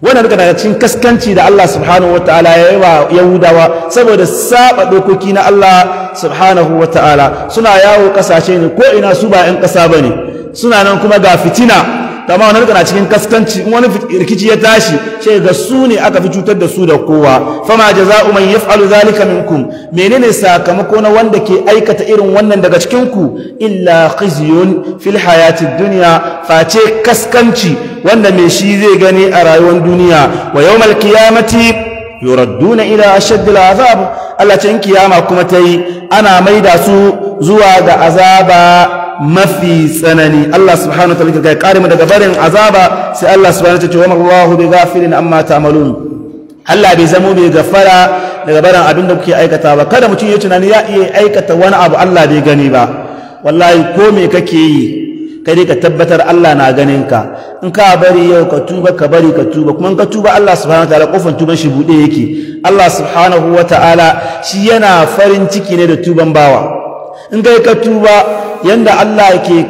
wannan duka daga cikin kaskanci da Allah subhanahu wataala ya yi wa Yahudawa saboda saba dokoki na Allah subhanahu wataala suna yawo kasashe ne ko ina su ba 'yan kasa bane suna nan kuma ga fitina dama wani rikana cikin kaskanci wani rikici ya tashi sai ga su ne aka fi cutar da su da kowa fama jaza'u man yaf'alu zalika minkum menene sakamako na wanda ke aikata irin wannan daga cikin ku illa khizyun fil hayati dunya face kaskanci wanda mai shi zai gani a rayuwar duniya wa yawmal qiyamati yuradduna ila ashaddil azab Allah cin kiyama kuma tayi ana maida su zuwa ga azaba mafi tsanani Allah subhanahu wa ta'ala ya kare mu daga barin azaba sai Allah subhanahu wa ta'ala ya ce wa Allahu bi ghafirin amma ta'malun Allah bai zamo bai gafara daga barin abinda kuke aikata ba kada mutum ya tunani ya iya aikata wani abu Allah bai gani ba wallahi ko me kake yi kai dai ka tabbatar Allah na ganin ka in ka bari yau ka tuba ka bari ka tuba kuma in ka tuba Allah subhanahu ta'ala kofar tuban shi bude yake Allah subhanahu ta'ala shi yana farin ciki ne da tuban bawa in kai ka tuba yanda Allah ke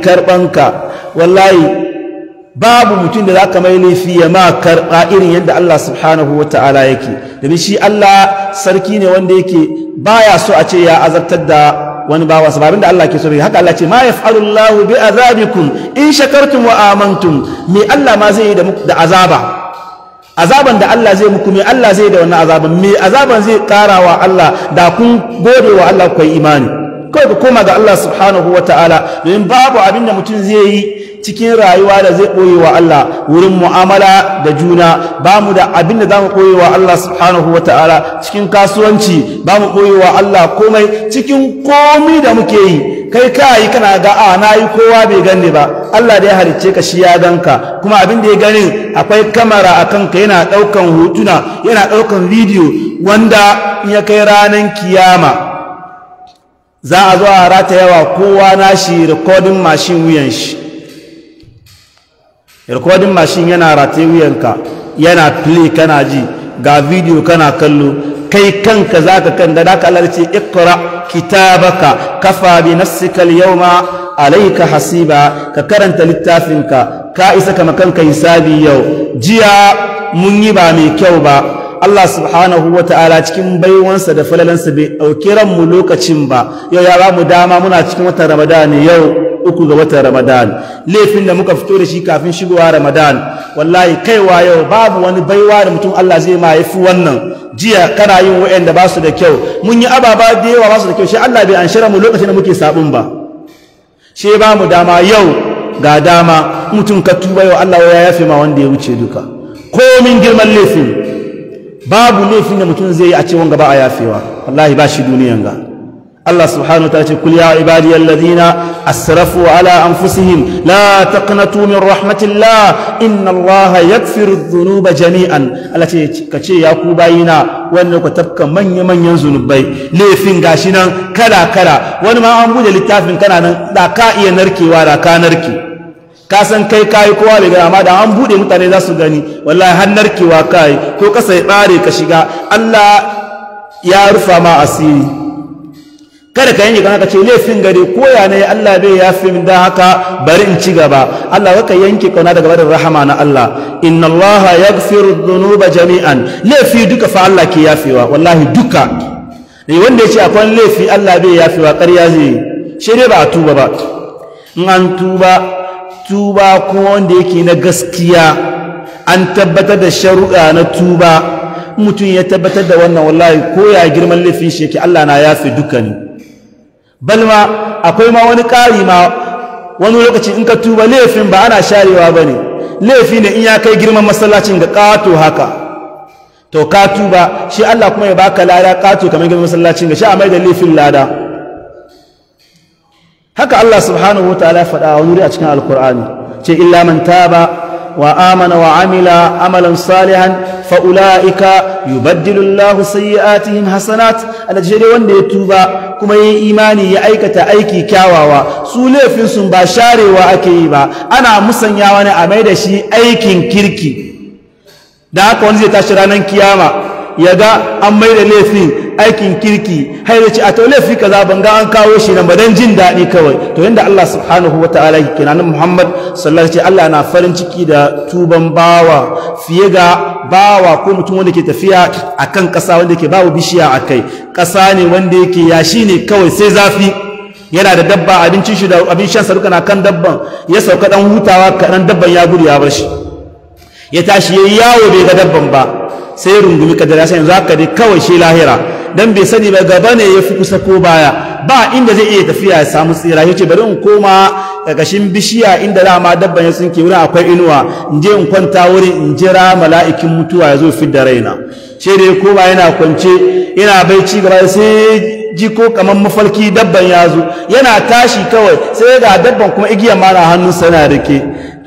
ka, wallahi babu mutum da za ka mai laifi ya ma karɓa irin yadda Allah subhanahu wa ta'ala yake domin shi Allah sarki ne wanda yake baya so a ce ya azabtar da wani bawa sabarin da Allah ke so haka Allah ce ma yaf'alu Allah bi azabikum in shakartum wa amantum me Allah ma zai yi da da azaba azaban da Allah zai muku me Allah zai da wannan azaban me azaban zai karawa Allah da kun gode wa Allah ku imani kawai ka koma ga Allah subhanahu wa ta'ala domin babu abin da mutum zai yi cikin rayuwa da zai ɓoye wa Allah wurin mu'amala da juna ba mu da abin da za mu ɓoye wa Allah subhanahu wa ta'ala cikin kasuwanci ba mu ɓoye wa Allah komai cikin komi da muke yi kai ka kana ga a na yi kowa bai gane ba Allah da ya halicce ka shi ya ganka kuma abin da ya gani akwai kamara a kanka yana ɗaukan hotuna yana ɗaukan bidiyo wanda in ya kai ranar kiyama za a zo a yawa kowa na shi rikodin mashin wuyan shi rikodin mashin yana rataye wuyanka yana play kana ji ga video kana kallo kai kanka za ka kan da daka Allah ce ikra kitabaka kafa bi yau ma. alaika hasiba ka karanta littafinka ka isa kama kanka hisabi yau jiya mun yi ba mai kyau ba Allah subhanahu wa ta'ala cikin baiwansa da falalansa bai ɗauki mu lokacin ba yau ya bamu dama muna cikin watan ramadan yau uku ga watan ramadan laifin da muka fito da shi kafin shigowa ramadan wallahi kaiwa yau babu wani baiwa da mutum Allah zai ma yafi wannan jiya kana yin wa'anda ba su da kyau mun yi ababa da yawa ba su da kyau shi Allah bai anshara mu lokacin da muke sabon ba shi ba mu dama yau ga dama mutum ka tuba yau Allah ya yafe ma wanda ya wuce duka komin girman laifin babu laifin da mutum zai yi a cewa gaba a yafewa wallahi ba shi duniyan ga Allah subhanahu wa ta'ala ce kul ya ibadiyal ladina asrafu ala anfusihim la taqnatu min rahmatillah inna Allah yaghfiru dhunuba jami'an Allah ce ka ce ya ku bayina wanda ku tafka manya manyan zunubai laifin gashi nan kala kala wani ma an bude littafin kana nan da ka iya narkewa da ka narke ka san kai kayi kowa da amma da an bude mutane za su gani wallahi har narkewa kai ko kasa ya bare ka shiga Allah ya rufa ma asiri kada ka yanke ka ce laifin gari. ko ya ne Allah bai yafi min da haka bari in ci gaba Allah ka yanke kana daga barin rahama na Allah inna Allah yaghfiru dhunuba jami'an laifi duka fa Allah ke yafewa wallahi duka ne wanda yace akwai laifi Allah bai yafewa ƙarya zai shi ba a tuba ba in an tuba tuba ko wanda yake na gaskiya an tabbatar da sharuɗa na tuba mutum ya tabbatar da wannan wallahi ko ya girman laifin shi yake Allah na yafe ne balma akwai ma wani ƙari ma wani lokaci in ka tuba laifin ba ana sharewa ba ne laifi ne in ya kai girman masallacin ga ƙato haka to ka tuba shi Allah kuma ya baka lada ƙato kamar girman masallacin ga shi a mai da laifin lada haka Allah subhanahu wa ta'ala ya faɗa a wuri a cikin alkur'ani ce illa man taba wa amana wa amila amalan salihan fa ulaika yubaddilu Allah sayyi'atihim hasanat alajiri wanda ya tuba kuma yin imani ya aikata aiki kyawawa su laifin sun ba sharewa ake yi ba ana musanya wani a mai da shi aikin kirki da haka wani zai tashi ranar kiyama ya ga an mai da laifin aikin kirki har ya a to laifi kaza ban ga an kawo shi na ba jin daɗi kawai to yadda Allah subhanahu wa ta'ala ya kina nan Muhammad sallallahu alaihi Allah na farin ciki da tuban bawa fiye ga bawa ko mutum wanda ke tafiya a kan ƙasa wanda ke babu bishiya a kai. ƙasa ne wanda yake yashi ne kawai sai zafi yana da dabba abincin shi da abin shan sa na kan dabban ya sauka dan hutawa kaɗan dabban ya gudu ya bar shi ya tashi yayi yawo bai ga dabban ba sai rungumi kaddara sai yanzu haka dai kawai shi lahira dan bai sani ba gaba ne yafi kusa ko baya ba inda zai iya tafiya ya samu tsira yace bari in koma ƙarƙashin bishiya inda ma dabban ya ke, wurin akwai inuwa in je in kwanta wurin in jira mala'ikin mutuwa ya zo da raina sai dai koma yana kwance yana bai ci gaba sai ji ko kaman mafarki dabban ya yana tashi kawai sai ga dabban kuma igiyar mara na hannunsa yana rike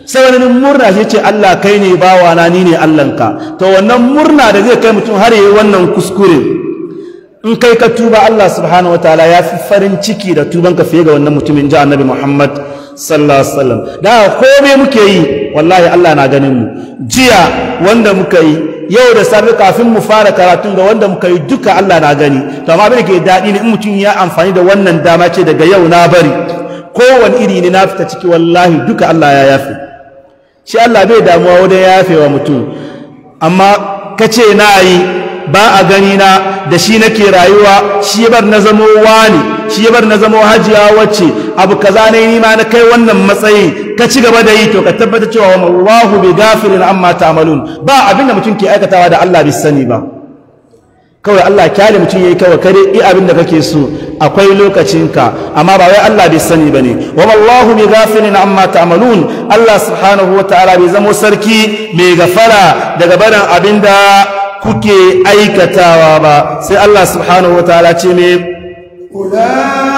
sai wani murna sai ce Allah kai ne bawa na ni ne Allahnka to wannan murna da zai kai mutum har yi wannan kuskure in kai ka tuba Allah subhanahu taala ya fi farin ciki da tuban ka fiye ga wannan mutumin ji annabi Muhammad sallallahu alaihi wasallam da komai muke yi wallahi Allah na ganin mu jiya wanda muka yi yau da safe kafin mu fara karatu ga wanda muka yi duka Allah na gani to amma ke daɗi ne in mutum ya amfani da wannan dama ce daga yau na bari kowane iri ne na fita ciki wallahi duka Allah ya yafi shi Allah bai damuwa wajen yafe wa mutum amma ka ce na yi ba a gani na da shi nake rayuwa shi bar na zamo wani shi bar na zamo hajiya wacce abu kaza ne ni ma na kai wannan matsayi, ka ci gaba da yi to ka tabbata cewa wallahu bi gafirin amma ta'malun ba abinda mutum ke aikatawa da Allah bai sani ba kawai Allah kyale mutum yayi kawai kare i abin da kake so akwai lokacinka amma ba wai Allah bai sani bane wa wallahu bi ghafilin amma ta'malun Allah subhanahu wataala bai zamo sarki mai gafara daga barin abin da kuke aikatawa ba sai Allah subhanahu wataala ce mai. ulai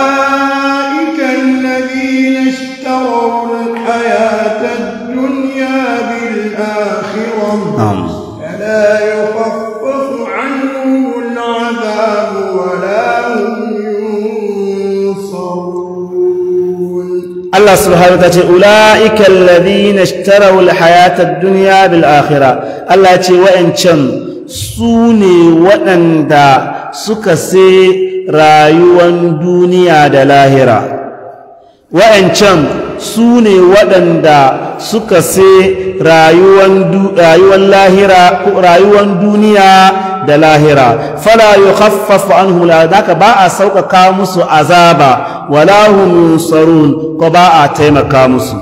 Allah subhanahu ta ce ula'ika alladhina ishtaraw alhayata ad-dunya bil akhirah Allah ce wa'ancan su ne waɗanda suka se rayuwar duniya da lahira wa'ancan su ne waɗanda suka sai rayuwar lahira duniya da lahira fala yukhaffafu da ka ba a sauƙaƙa musu azaba wala hum yunsarun ko ba a taimaka musu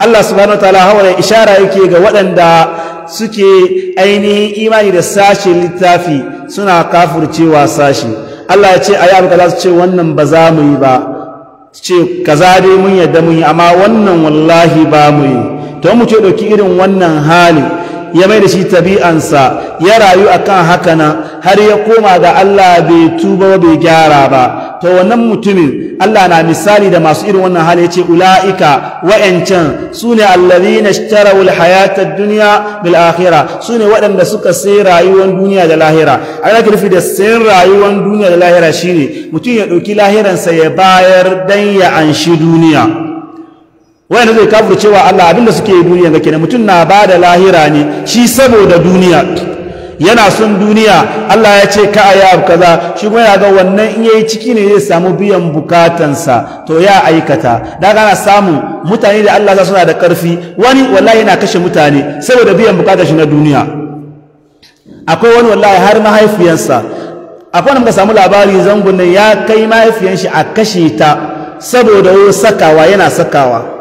Allah subhanahu wataala hawa ishara yake ga waɗanda suke ainihin imani da sashe littafi suna cewa sashe Allah ya ce ayi abu za su ce wannan ba za mu yi ba ce kaza dai mun yadda mun yi amma wannan wallahi ba mu yi to mu ce ɗauki irin wannan hali ya mai da shi tabi'ansa ya rayu akan haka nan har ya koma ga Allah bai tuba bai gyara ba to wannan mutumin Allah na misali da masu irin wannan hali yace ulaika ne sune na ishtaraw alhayata ad-dunya bil Su sune waɗanda suka sai rayuwar duniya da lahira ana kirfi da sayan rayuwar duniya da lahira shine mutum ya ɗauki lahiransa ya bayar dan ya anshi duniya wani zai kafir cewa Allah abinda suke yi duniya ga kenan mutum na ba da lahira ne shi saboda duniya yana son duniya Allah ya ce ka ya abu kaza shi kuma yana ga wannan in yayi ciki ne zai samu biyan bukatansa to ya aikata da na samu mutane da Allah suna da karfi wani wallahi yana kashe mutane saboda biyan bukatar shi na duniya akwai wani wallahi har mahaifiyansa akwai wanda muka samu labari zangon ya kai mahaifiyar shi a kashe ta saboda sakawa yana sakawa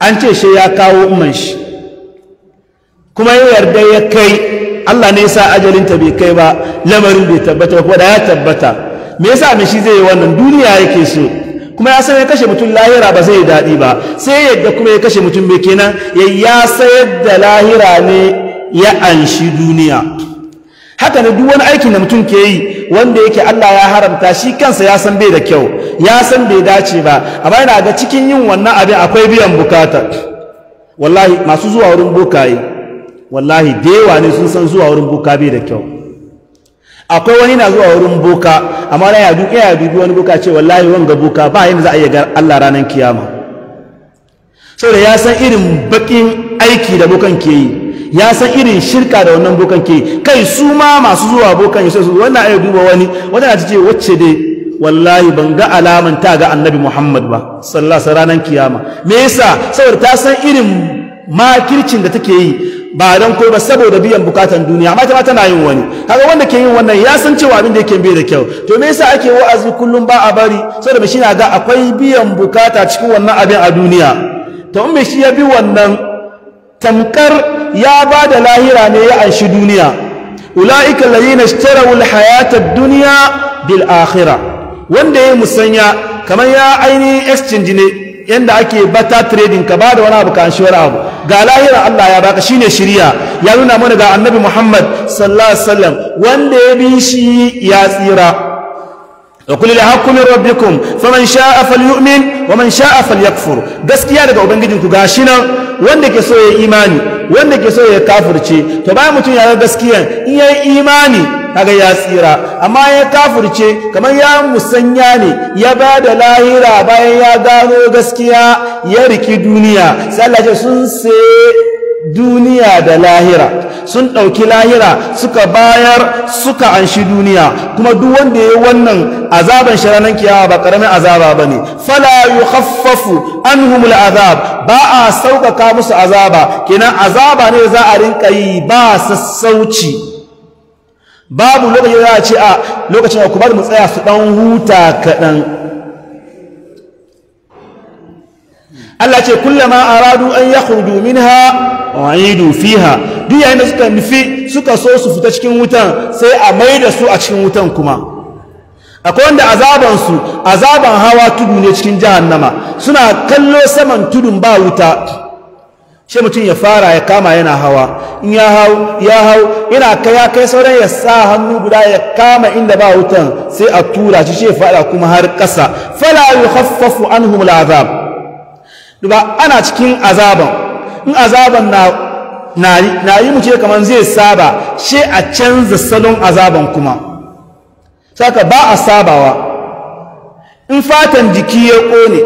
an ce shi ya kawo umman shi kuma ya yarda ya kai Allah ne sa ajalinta bai kai ba lamarin bai tabbata kuma da ya tabbata me yasa me shi zai yi wannan duniya yake so kuma ya san ya kashe mutum lahira ba zai daɗi ba sai yadda kuma ya kashe mutum bai kenan ya sayar da lahira ne ya anshi duniya haka ne duk wani aikin da mutum ke yi wanda yake Allah ya haramta shi kansa ya san bai da kyau ya san bai dace ba amma yana ga cikin yin wannan abin akwai biyan bukata wallahi masu zuwa wurin yi wallahi yawa ne sun san zuwa wurin boka bai da kyau akwai wani na zuwa wurin boka amma na yadu ya dubi wani boka ce wallahi wanga boka ba yin za a iya ga Allah ranar kiyama saboda ya san irin bakin aiki da bukan ke yi ya san irin shirka da wannan bokan ke kai su ma masu zuwa bokan ya su wannan ai duba wani wanda ta ce wacce dai wallahi ban ga alaman ta ga annabi Muhammad ba Sallasa ranar kiyama me yasa saboda ta san irin makircin da take yi ba dan ko ba saboda biyan bukatan duniya amma ta tana yin wani haka wanda ke yin wannan ya san cewa abin da yake bai da kyau to me yasa ake wa'azi kullum ba a bari saboda mishi na ga akwai biyan bukata cikin wannan abin a duniya to in shi ya bi wannan tamkar ya ba da lahira ne ya anshi duniya ula'ikan lalina hayatar duniya bil wanda ya musanya kamar ya ainihin exchange ne yadda ake bata trading ka ba da wani abu kan shiwar abu ga lahira Allah ya baka shine shirya, ya nuna mana ga annabi Muhammad sallallahu wanda ya bi shi ya tsira وقل الحق من ربكم فمن شاء فليؤمن ومن شاء فليكفر gaskiya daga ubangijin ku gashi wanda ke so ya imani wanda ke so ya kafirce to bayan mutum ya ga gaskiya in ya imani kaga ya tsira amma ya kafirce kamar ya musanya ne ya ba da lahira bayan ya gano gaskiya ya riki duniya sai Allah ya sun sai duniya da lahira sun ɗauki lahira suka bayar suka anshi duniya kuma duk wanda ya yi wannan azaban sharanan kiyawa ba ƙaramin azaba ba ne fala yi haffafu an humul azab ba a sauƙaƙa musu azaba kenan azaba ne za a rinka yi ba sassauci babu lokacin za a ce a lokacin da kuma mu tsaya su ɗan huta kaɗan Allah ce a aradu an min ha wa'idu fiha duk yayin da suka nufi suka so su fita cikin wutan sai a da su a cikin wutan kuma akwai wanda azaban su azaban hawa tudu ne cikin jahannama suna kallo saman tudun ba wuta shi mutum ya fara ya kama yana hawa in ya hau ya hau yana kai ya kai sauran ya sa hannu guda ya kama inda ba wutan sai a tura shi shi fada kuma har kasa fala yukhaffafu anhum al'azab duba ana cikin azaban in azaban na yi mu ce kamar zai saba shi a canza salon azaban kuma saka ba a sabawa in fatan jiki ya kone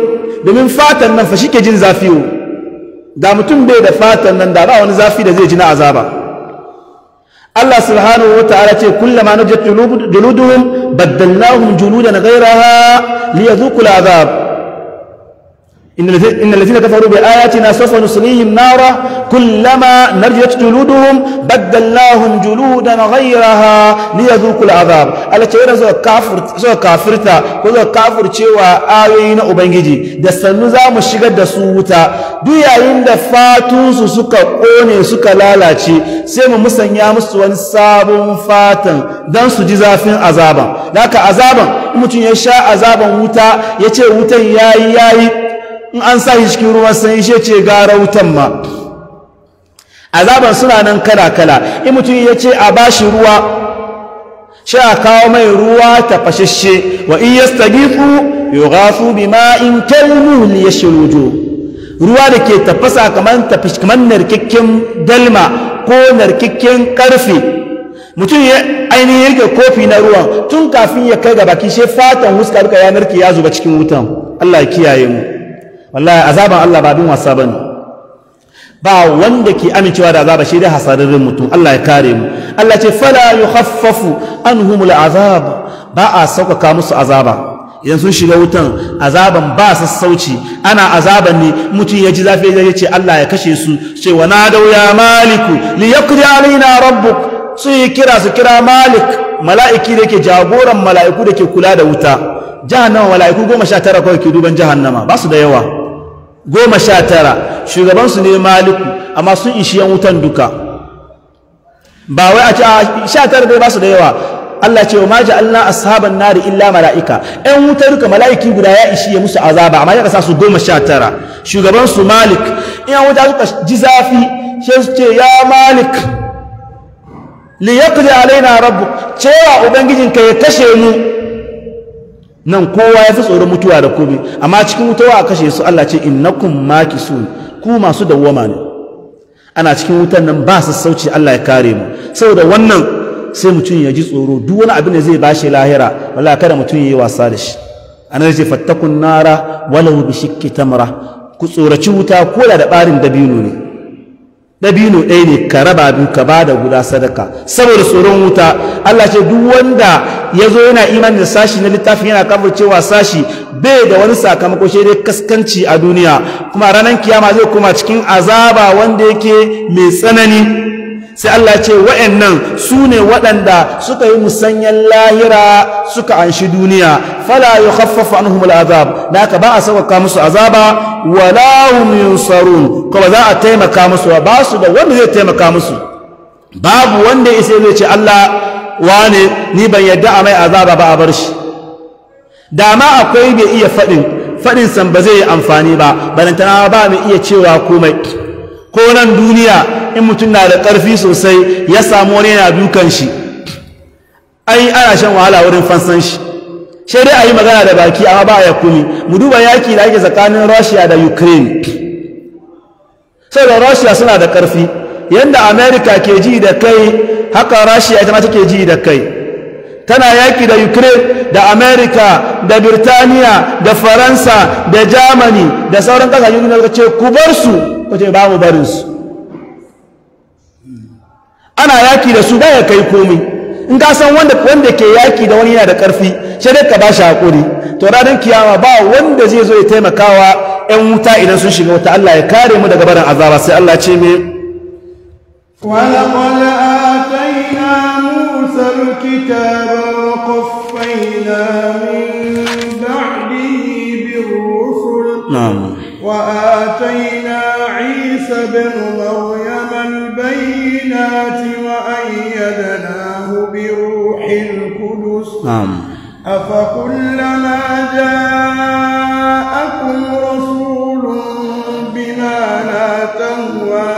domin fatan nan fa ke jin zafi wo da mutum bai da fatan nan da ba wani zafi da zai ji na azaba Allah subhanahu wa ta'ala ce kullama nujat juluduhum baddalnahum juludan ghayraha liyadhuqul azab إن الذين كفروا بآياتنا سوف نصليهم نارا كلما نرجت جلودهم بدلناهم جلودا غيرها ليذوقوا العذاب ألا تيرا زو كافر زو كافرتا كو كافر تشوا آيين أوبنجي da sannu za mu shigar da su wuta duk yayin da fatunsu suka ƙone suka lalace sai mu musanya musu wani sabon fatan don su ji zafin azaban da haka azaban mutum ya sha azaban wuta ya ce wutan yayi yayi in an sa shi cikin ruwan sanyi shi ce gara wutan ma azaban suna nan kala kala in mutum ya ce a bashi ruwa shi a kawo mai ruwa ta tafashashe wa in yastagifu yughasu ya kalmuhl yashruju ruwa da ke tafasa kaman tafish kaman dalma ko narkikken karfe mutum ya ainihin yake kofi na ruwan tun kafin ya kai ga baki shi fatan huska duka ya narke ya zuba cikin wutan Allah ya kiyaye mu wallahi azaban Allah ba bin wasa bane ba wanda ke amincewa da azaba shi dai hasararren mutum Allah ya kare mu Allah ce fala yukhaffafu anhumul azab ba a sauƙaƙa musu azaba idan sun shiga wutan azaban ba sassauci ana azaban ne mutum ya ji zafi ya ce Allah ya kashe su ce wa nadau ya maliku li yaqdi alaina rabbuk su yi kira su kira malik mala'iki da ke jagoran mala'iku da ke kula da wuta jahannama mala'iku goma sha tara kawai ke duban jahannama ba su da yawa goma sha tara shugabansu ne maliku amma sun ishi yan wutan duka ba wai a sha tara dai ba su da yawa Allah ce wa ma Allah ashaban nari illa mala'ika Yan wutan duka mala'iki guda ya ishi ya musu azaba amma ya kasa su goma sha tara Shugabansu malik in an wuta suka ji zafi sai su ce ya malik li yaqdi alaina rabbuk cewa ubangijinka ya kashe mu nan kowa ya fi tsoron mutuwa da kome amma cikin wuta a kashe su Allah ce innakum makisun ku masu dawwama ne ana cikin wutan nan ba su sauci, Allah ya kare mu saboda wannan sai mutum ya ji tsoro duk wani abin da zai bashi lahira wallahi kada mutum yayi wasa da shi anan ce fattakun nara walau bi shikki tamra ku tsoraci wuta ko da barin dabino ne dabino ɗaya ne ka raba biyu ka ba da guda sadaka saboda tsoron wuta Allah ce duk wanda ya zo yana imani da sashi na littafin yana kafar cewa sashi bai da wani sakamako shi dai kaskanci a duniya kuma ranar kiyama zai kuma cikin azaba wanda yake mai tsanani sai Allah ce wa'annan su ne waɗanda suka yi musanyen lahira suka anshi duniya fala yukhaffafu anhum azab. da aka ba a sauƙaƙa musu azaba wala hum yunsarun kuma za a taimaka musu ba su da wanda zai taimaka musu babu wanda isa zai ce Allah wane ni ban yadda a mai azaba ba a bar shi dama akwai bai iya faɗin faɗin san ba zai yi amfani ba balantana ba mai iya cewa komai ko nan duniya in mutum na da ƙarfi sosai ya samu wani yana dukan shi ai ana shan wahala wurin fansan shi sai dai a yi magana da baki amma ba ya kumi mu duba yaki da ake tsakanin russia da ukraine saboda russia suna da ƙarfi yadda america ke ji da kai haka russia ita ma take ji da kai tana yaki da ukraine da america da birtaniya da faransa da germany da sauran ƙasashen duniya ce ku bar su ku ce ba mu barin su ana yaki da su baya kai komai in ka san wanda wanda ke yaki da wani yana da karfi sai dai ka ba shi hakuri to ranar kiyama ba wanda zai zo ya taimakawa yan wuta idan sun shiga wata Allah ya kare mu daga barin azaba sai Allah ce me ولقد آتينا وآتينا عيسى بن مريم البينات وأيدناه بروح القدس نعم أفكلما جاءكم رسول بما لا تهوى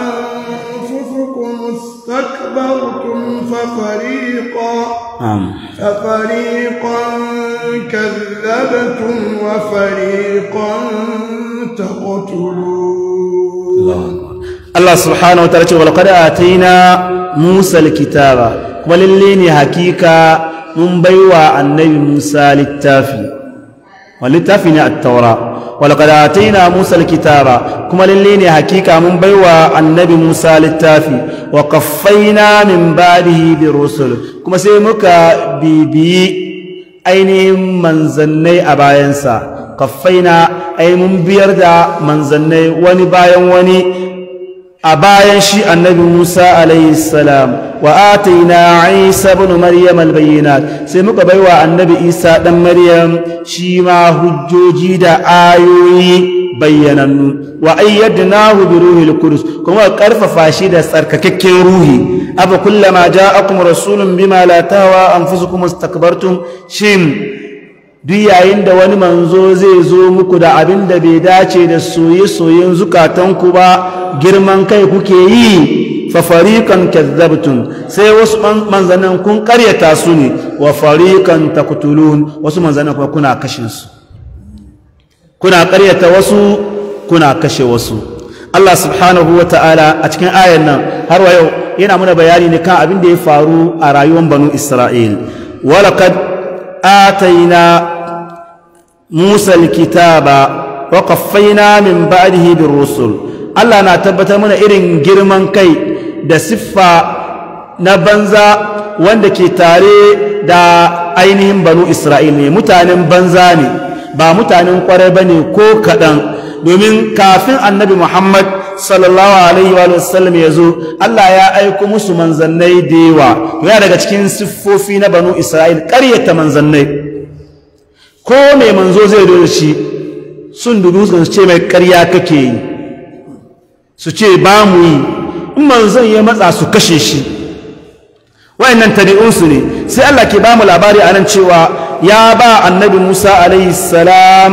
أنفسكم استكبرتم ففريقا نعم ففريقا كذبتم وفريقا تقتلون الله أكبر Allah subhanahu wa ta'ala ce walqad ataina Musa alkitaba kuma lalle ne hakika mun baiwa annabi Musa littafi wa littafi ne at-taura walqad ataina Musa alkitaba kuma lalle ne hakika mun baiwa annabi Musa littafi wa qaffaina min ba'dihi birusul kuma sai muka bibiyi ainihin manzannai a bayansa qaffaina ai mun biyar da manzannai wani bayan wani a bayan shi annabi Musa alaihi salam wa ataina Isa ibn Maryam albayyinat sai muka baiwa annabi Isa dan Maryam shi ma hujjoji da ayoyi bayyanannu wa ayyadnahu bi ruhil qudus kuma karfafa shi da tsarkakakken ruhi aba kullama ja'akum rasulun bima la tawa anfusukum istakbartum shin duk yayin da wani manzo zai zo muku da abin da bai dace da soye-soyen zukatanku ba girman kai kuke yi fa fariqan kazzabtum sai wasu manzanan kun karyata su ne wa fariqan taqtulun wasu manzanan kuma kuna kashin su kuna karyata wasu kuna kashe wasu Allah subhanahu wa ta'ala a cikin ayan nan har wa yau yana muna bayani ne kan abin da ya faru a rayuwar banu Isra'il walaqad atayna musa alkitaba wa qaffaina min ba'dihi rusul Allah na tabbatar mana irin girman kai da siffa na banza wanda ke tare da ainihin banu Isra'il ne mutanen banza ne ba mutanen ba ne ko kaɗan domin kafin annabi Muhammad sallallahu alaihi wa sallam ya zo Allah ya aiko musu manzannai da yawa yana daga cikin siffofi na banu Isra'il ƙaryata manzannai ko mai manzo zai dole shi sun dubi su ce mai karya kake yi su ce ba mu yi in manzon ya matsa su kashe shi wayannan tabi'unsu ne sai Allah ke ba mu labari a nan cewa ya ba annabi Musa alaihi salam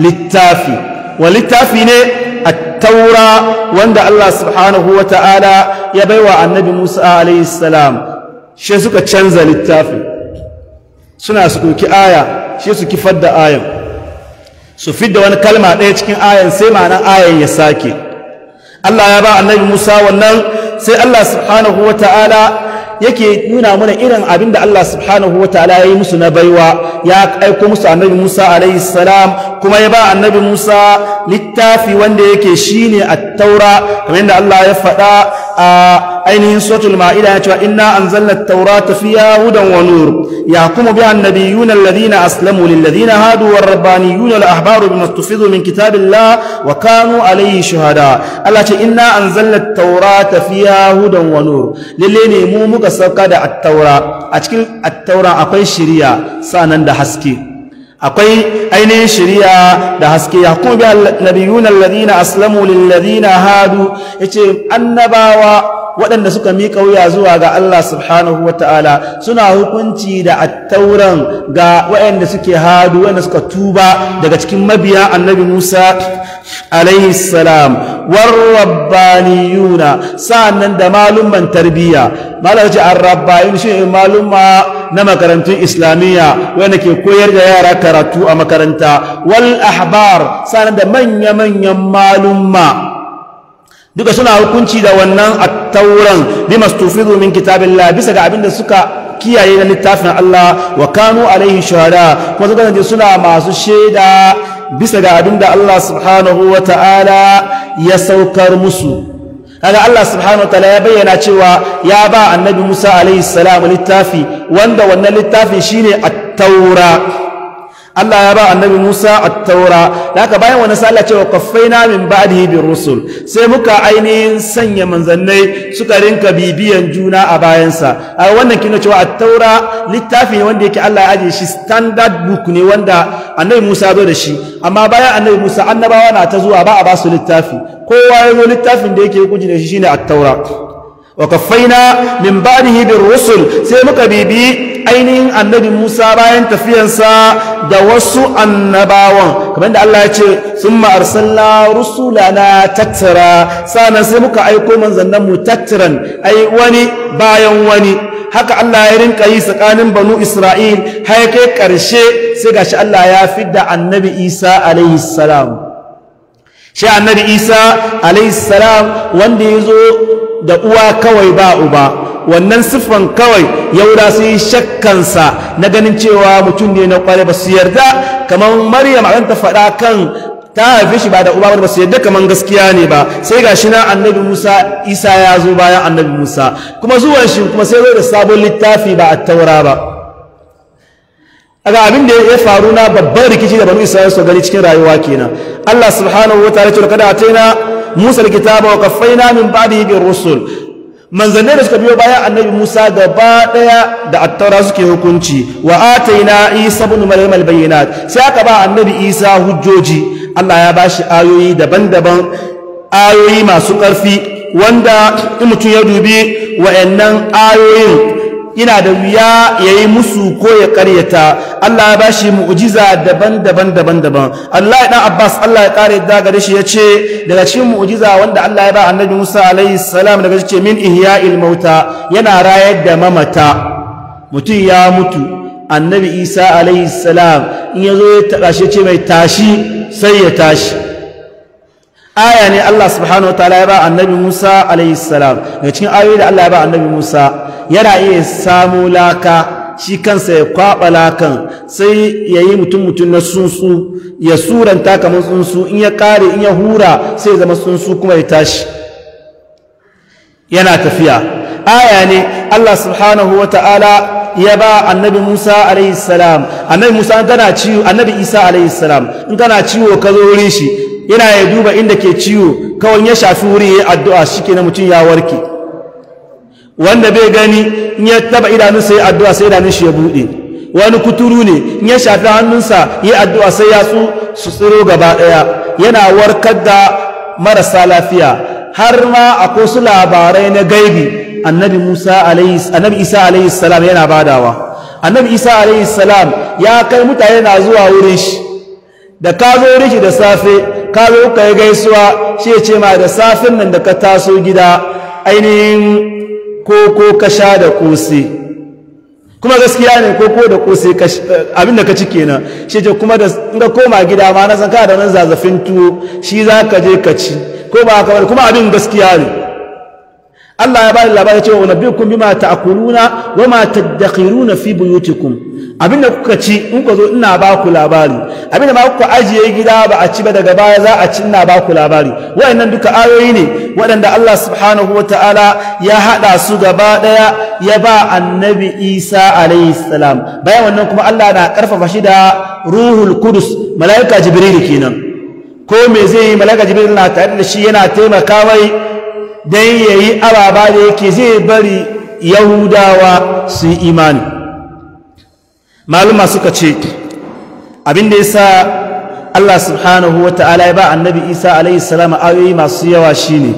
littafi wa littafi ne at-taura wanda Allah subhanahu wa ta'ala ya baiwa annabi Musa alaihi salam shi suka canza littafi suna su ɗauki aya shi su kifar da ayan su fidda wani kalma ɗaya cikin ayan sai ma'anar ayan ya sake Allah ya ba annabi Musa wannan sai Allah subhanahu wa ta'ala yake nuna mana irin abin da Allah subhanahu wa ta'ala ya yi musu na baiwa ya aiko musu annabi Musa alaihi salam kuma ya ba annabi Musa littafi wanda yake shine at-taura kamar yadda Allah ya faɗa a ainihin suratul ma'ida ya wa? inna anzalna at-taurata fiha hudan wa nur Ya kuma an-nabiyyun alladhina aslamu lil ladina hadu war rabbaniyun al ahbaru bima tufidu min kitabillah wa kanu alayhi shuhada Allah ce inna anzalna at fiha hudan wa nur lalle ne mu muka sauka da at-taura a cikin at-taura akwai shiriya sanan da haske akwai ainihin shari'a da haske ya kuma bi annabiyuna alladhina aslamu lil ladina hadu yace annabawa waɗanda suka miƙa wuya zuwa ga Allah subhanahu wata'ala suna hukunci da attauran ga waɗanda suke hadu waɗanda suka tuba daga cikin mabiya annabi Musa alaihi salam warrabbaniyuna sa'annan da malumman tarbiyya rabba yin shi malumma na makarantun islamiyya wanda ke koyar da yara karatu a makaranta wal ahbar sa'annan da manya-manyan malumma duka suna hukunci da wannan attauran bima stufidu min la bisa ga abinda suka kiyaye na littafin Allah wa kanu alaihi shuhada kuma suka suna masu shaida bisa ga abinda Allah subhanahu wa ta'ala ya saukar musu kaga Allah subhanahu wa ta'ala ya bayyana cewa ya ba annabi Musa alaihi salam littafi wanda wannan littafin shine at-taura Allah ya ba annabi Musa at-taura haka bayan wani sallah cewa qaffaina min ba'dihi bir rusul sai muka ainihin sanya manzannai suka rinka bibiyan juna a bayansa a wannan kina cewa at-taura littafi ne wanda yake Allah ya aje shi standard book ne wanda annabi Musa zo da shi amma bayan annabi Musa annabawa na ta zuwa ba a ba su littafi kowa ya zo littafin da yake hukunci da shi shine at-taura wa kaffaina min ba'dihi bir rusul sai muka bibi ainihin annabi Musa bayan tafiyansa da wasu annabawan kamar da Allah ya ce summa arsalna rusulana tattara sanan sai muka aiko manzannan mu tattaran ai wani bayan wani haka Allah ya rinka yi tsakanin banu Isra'il har kai karshe sai gashi Allah ya fidda annabi Isa alaihi salam shi annabi Isa alaihi salam wanda ya zo da uwa kawai ba uba wannan siffan kawai yahuda su yi shakkansa na ganin cewa mutum ne na kware ba su yarda kamar maryam a ta faɗa kan ta haife shi ba da uba ba su yadda kamar gaskiya ne ba sai ga shi na annabi Musa Isa ya zo bayan annabi Musa kuma zuwan shi kuma sai zai da sabon littafi ba a taura ba aga abin da ya faru na babban rikici da banu Isra'ila su gani cikin rayuwa kenan Allah subhanahu wa ta'ala ya ce kada ataina Musa alkitaba wa kaffaina min ba'dihi bir rusul manzannin da suka biyo bayan annabi Musa gaba daya da attaura suke hukunci wa ataina Isa ibn Maryam al sai aka ba annabi Isa hujjoji Allah ya bashi ayoyi daban-daban ayoyi masu karfi wanda in mutum ya dubi wa'annan ayoyin Ina da wuya ya yi musu ko ya karyata Allah ya bashi mu'ujiza daban-daban daban-daban Allah ya dan Abbas Allah ya kare da gare shi yace daga cikin mu'ujiza wanda Allah ya ba Annabi Musa alaihi salam daga cikin min ihya'il mauta yana rayar da mamata mutum ya mutu Annabi Isa alaihi salam in yazo ya taba shi ce mai tashi sai ya tashi aya ne Allah subhanahu wa ta'ala ya ba annabi Musa alayhi salam daga cikin ayoyi da Allah ya ba annabi Musa yana iya samu laka shi kansa ya kwaba lakan sai ya yi mutum mutum na tsuntsu ya suranta kamar tsuntsu in ya kare in ya hura sai ya zama tsuntsu kuma ya tashi yana tafiya aya ne Allah subhanahu wa ta'ala ya ba annabi Musa alaihi salam annabi Musa tana ciwo annabi Isa alaihi salam in kana ciwo ka zo wurin shi yana ya duba inda ke ciwo kawai ya shafi wuri ya addu'a shi ke na mutum ya warke wanda bai gani in ya taba idanunsa ya addu'a sai idanun ya buɗe wani kuturu ne in ya shafi hannunsa ya addu'a sai ya su su tsiro gaba ɗaya. yana warkar da marasa lafiya har ma akwai su labarai na gaibi annabi Isa alayhi salam yana badawa annabi Isa alayhi salam ya kai mutane na zuwa wurin shi da ka zo da safe ka zo ka yi gaisuwa shi ya ce ma da safin nan da ka taso gida ainihin koko ka sha da kose kuma gaskiya ne koko da kose eh, abin da ka ci kenan shi ce kuma da inda koma gida ma na san ka da nan zazafin tuwo shi za ka je ka ci ko ba haka kuma abin gaskiya ne Allah ya ba da labari cewa unabbiukum bima ta'kuluna wa ma tadakhiruna fi buyutikum abinda kuka ci in ku zo ina ba ku labari abinda ba ku ajiye gida ba a ci ba daga baya za a ci ina ba ku labari wayannan duka ayoyi ne waɗanda Allah subhanahu wataala ya hada su gaba daya ya ba annabi Isa alayhi salam bayan wannan kuma Allah na karfafa shi da ruhul qudus malaika jibril kenan ko me zai yi malaika jibril na tare da shi yana taimaka mai don ya yi ababa da yake zai bari yahudawa su yi imani maluma suka ce abinda ya sa allah subhanahu wa ta'ala ya ba annabi isa alaihissalam ayoyi masu yawa shine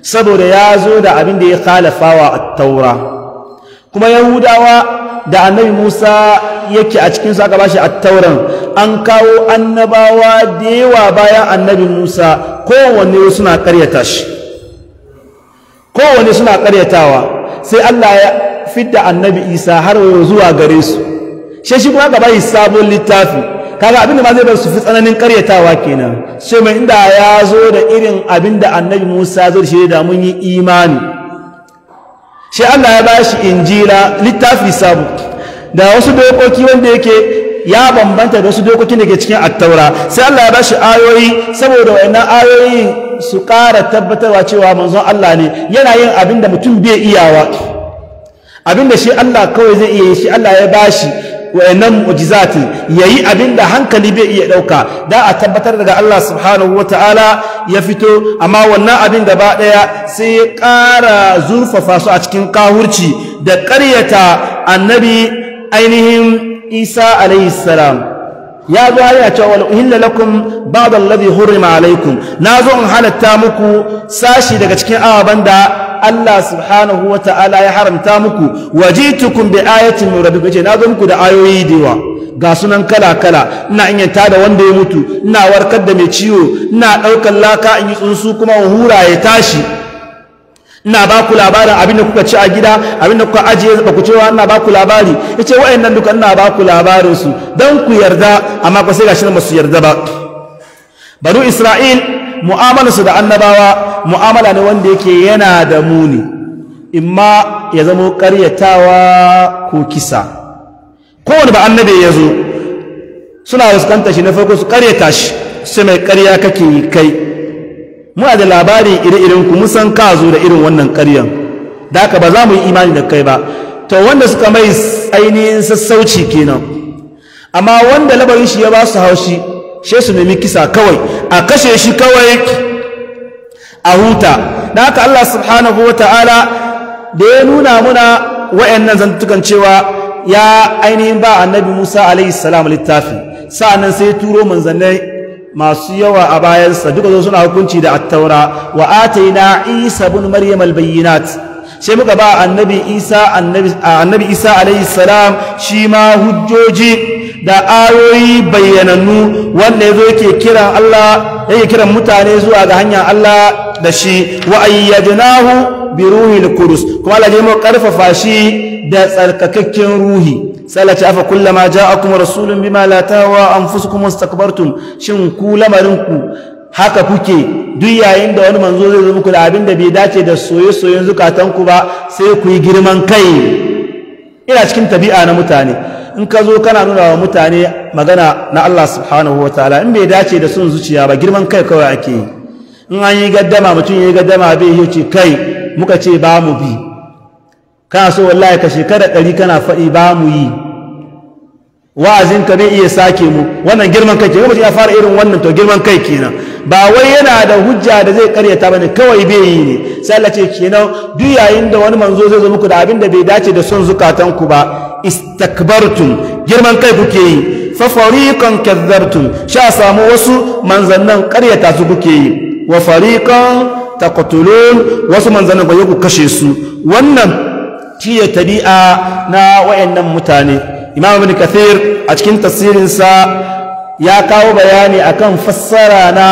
saboda ya zo da abinda ya kalafawa a taura kuma yahudawa da annabi musa yake a cikinsu aka bashi a tauran an kawo annabawa da yawa bayan annabi musa kowanne suna karyata shi kowane suna karyatawa sai Allah ya fidda annabi Isa har yau zuwa gare su shi shi kuma gaba yi sabon littafi kaga abinda ma zai bar su fi tsananin karyatawa kenan sai mai inda ya zo da irin abinda annabi Musa zai shi da mun yi imani shi Allah ya bashi injila littafi sabu da wasu dokoki wanda yake ya bambanta da su dokokin da ke cikin attaura sai Allah ya bashi ayoyi saboda wayannan ayoyi su ƙara tabbatarwa cewa manzon Allah ne yana yin abin da mutum bai iyawa abin da shi Allah kawai zai iya yi shi Allah ya bashi wayannan mu'jizati yayi abin da hankali bai iya dauka da a tabbatar daga Allah subhanahu wataala ya fito amma wannan abin gaba daya sai ya ƙara zurfafa su a cikin kahurci da ƙaryata annabi ainihin isa alayhi salam ya zo har ce wa uhilla lakum ba'd alladhi hurrima alaikum zo in halatta muku sashi daga cikin ababan da Allah subhanahu wa ta'ala ya haramta muku wajitukum bi ayatin min rabbikum ce nazo muku da ayoyi dewa ga sunan kala kala ina in yanta da wanda ya mutu ina warkar da mai ciwo ina daukar laka in yi tsunsu kuma hura ya tashi ina ba ku labarin abinda kuka ci a gida abinda kuka ajiye ba ku cewa ina ba ku labari yace wayannan duka ina ba ku labarin su dan ku yarda amma ko sai gashi ba su yarda ba baru isra'il mu'amalarsu da annabawa mu'amala ne wanda yake yana da muni imma ya zama karyatawa ko kisa kowane ba annabi ya zo suna fuskantar shi na farko su karyata shi sai mai karya kake yi kai muna da labarin iri-irin ku musan ka zo da irin wannan ƙaryan da ka ba za mu yi imani da kai ba to wanda suka mai ainihin sassauci kenan amma wanda labarin shi ya ba su haushi shi su nemi kisa kawai a kashe shi kawai a huta da aka Allah subhanahu wa ta'ala da ya nuna muna wa'annan zantukan cewa ya ainihin ba annabi Musa alaihi salam littafi nan sai turo manzannai masu yawa a bayansa duka zo suna hukunci da attaura wa ataina isa ibn maryam albayinat sai muka ba annabi isa annabi isa alayhi salam shi ma hujjoji da ayoyi bayyanannu wanda yazo yake kiran Allah yake kira mutane zuwa ga hanyar Allah da shi wa ayyadnahu bi ruhil qudus kuma Allah mu karfafa shi da tsarkakakken ruhi sallace afa kullama ja'akum rasulun bima la tawa anfusukum mustakbartum shin ku lamarinku haka kuke duk yayin da wani manzo zai zo muku da abin da bai dace da soye-soyen zukatanku ba sai ku yi girman kai ina cikin tabi'a na mutane in ka zo kana nuna wa mutane magana na Allah subhanahu wa ta'ala in bai dace da sun zuciya ba girman kai kawai ake yi in an yi gaddama mutum ya yi gaddama bai yi ce kai muka ce ba mu bi ka so wallahi ka shekara ɗari kana faɗi ba mu yi wa'azin ka bai iya sake mu wannan girman kai kenan ya fara irin wannan to girman kai kenan ba wai yana da hujja da zai karyata bane kawai bai yi ne sai Allah ce kenan duk yayin da wani manzo zai zo muku da abin da bai dace da son zukatan ku ba istakbartum girman kai kuke yi fa fariqan kazzartum sha samu wasu manzannan karyata su kuke yi wa fariqan taqtulun wasu manzanin ba ku kashe su wannan tiye tabi'a na wayannan mutane imam ibn kathir a cikin tafsirinsa ya kawo bayani akan fassara na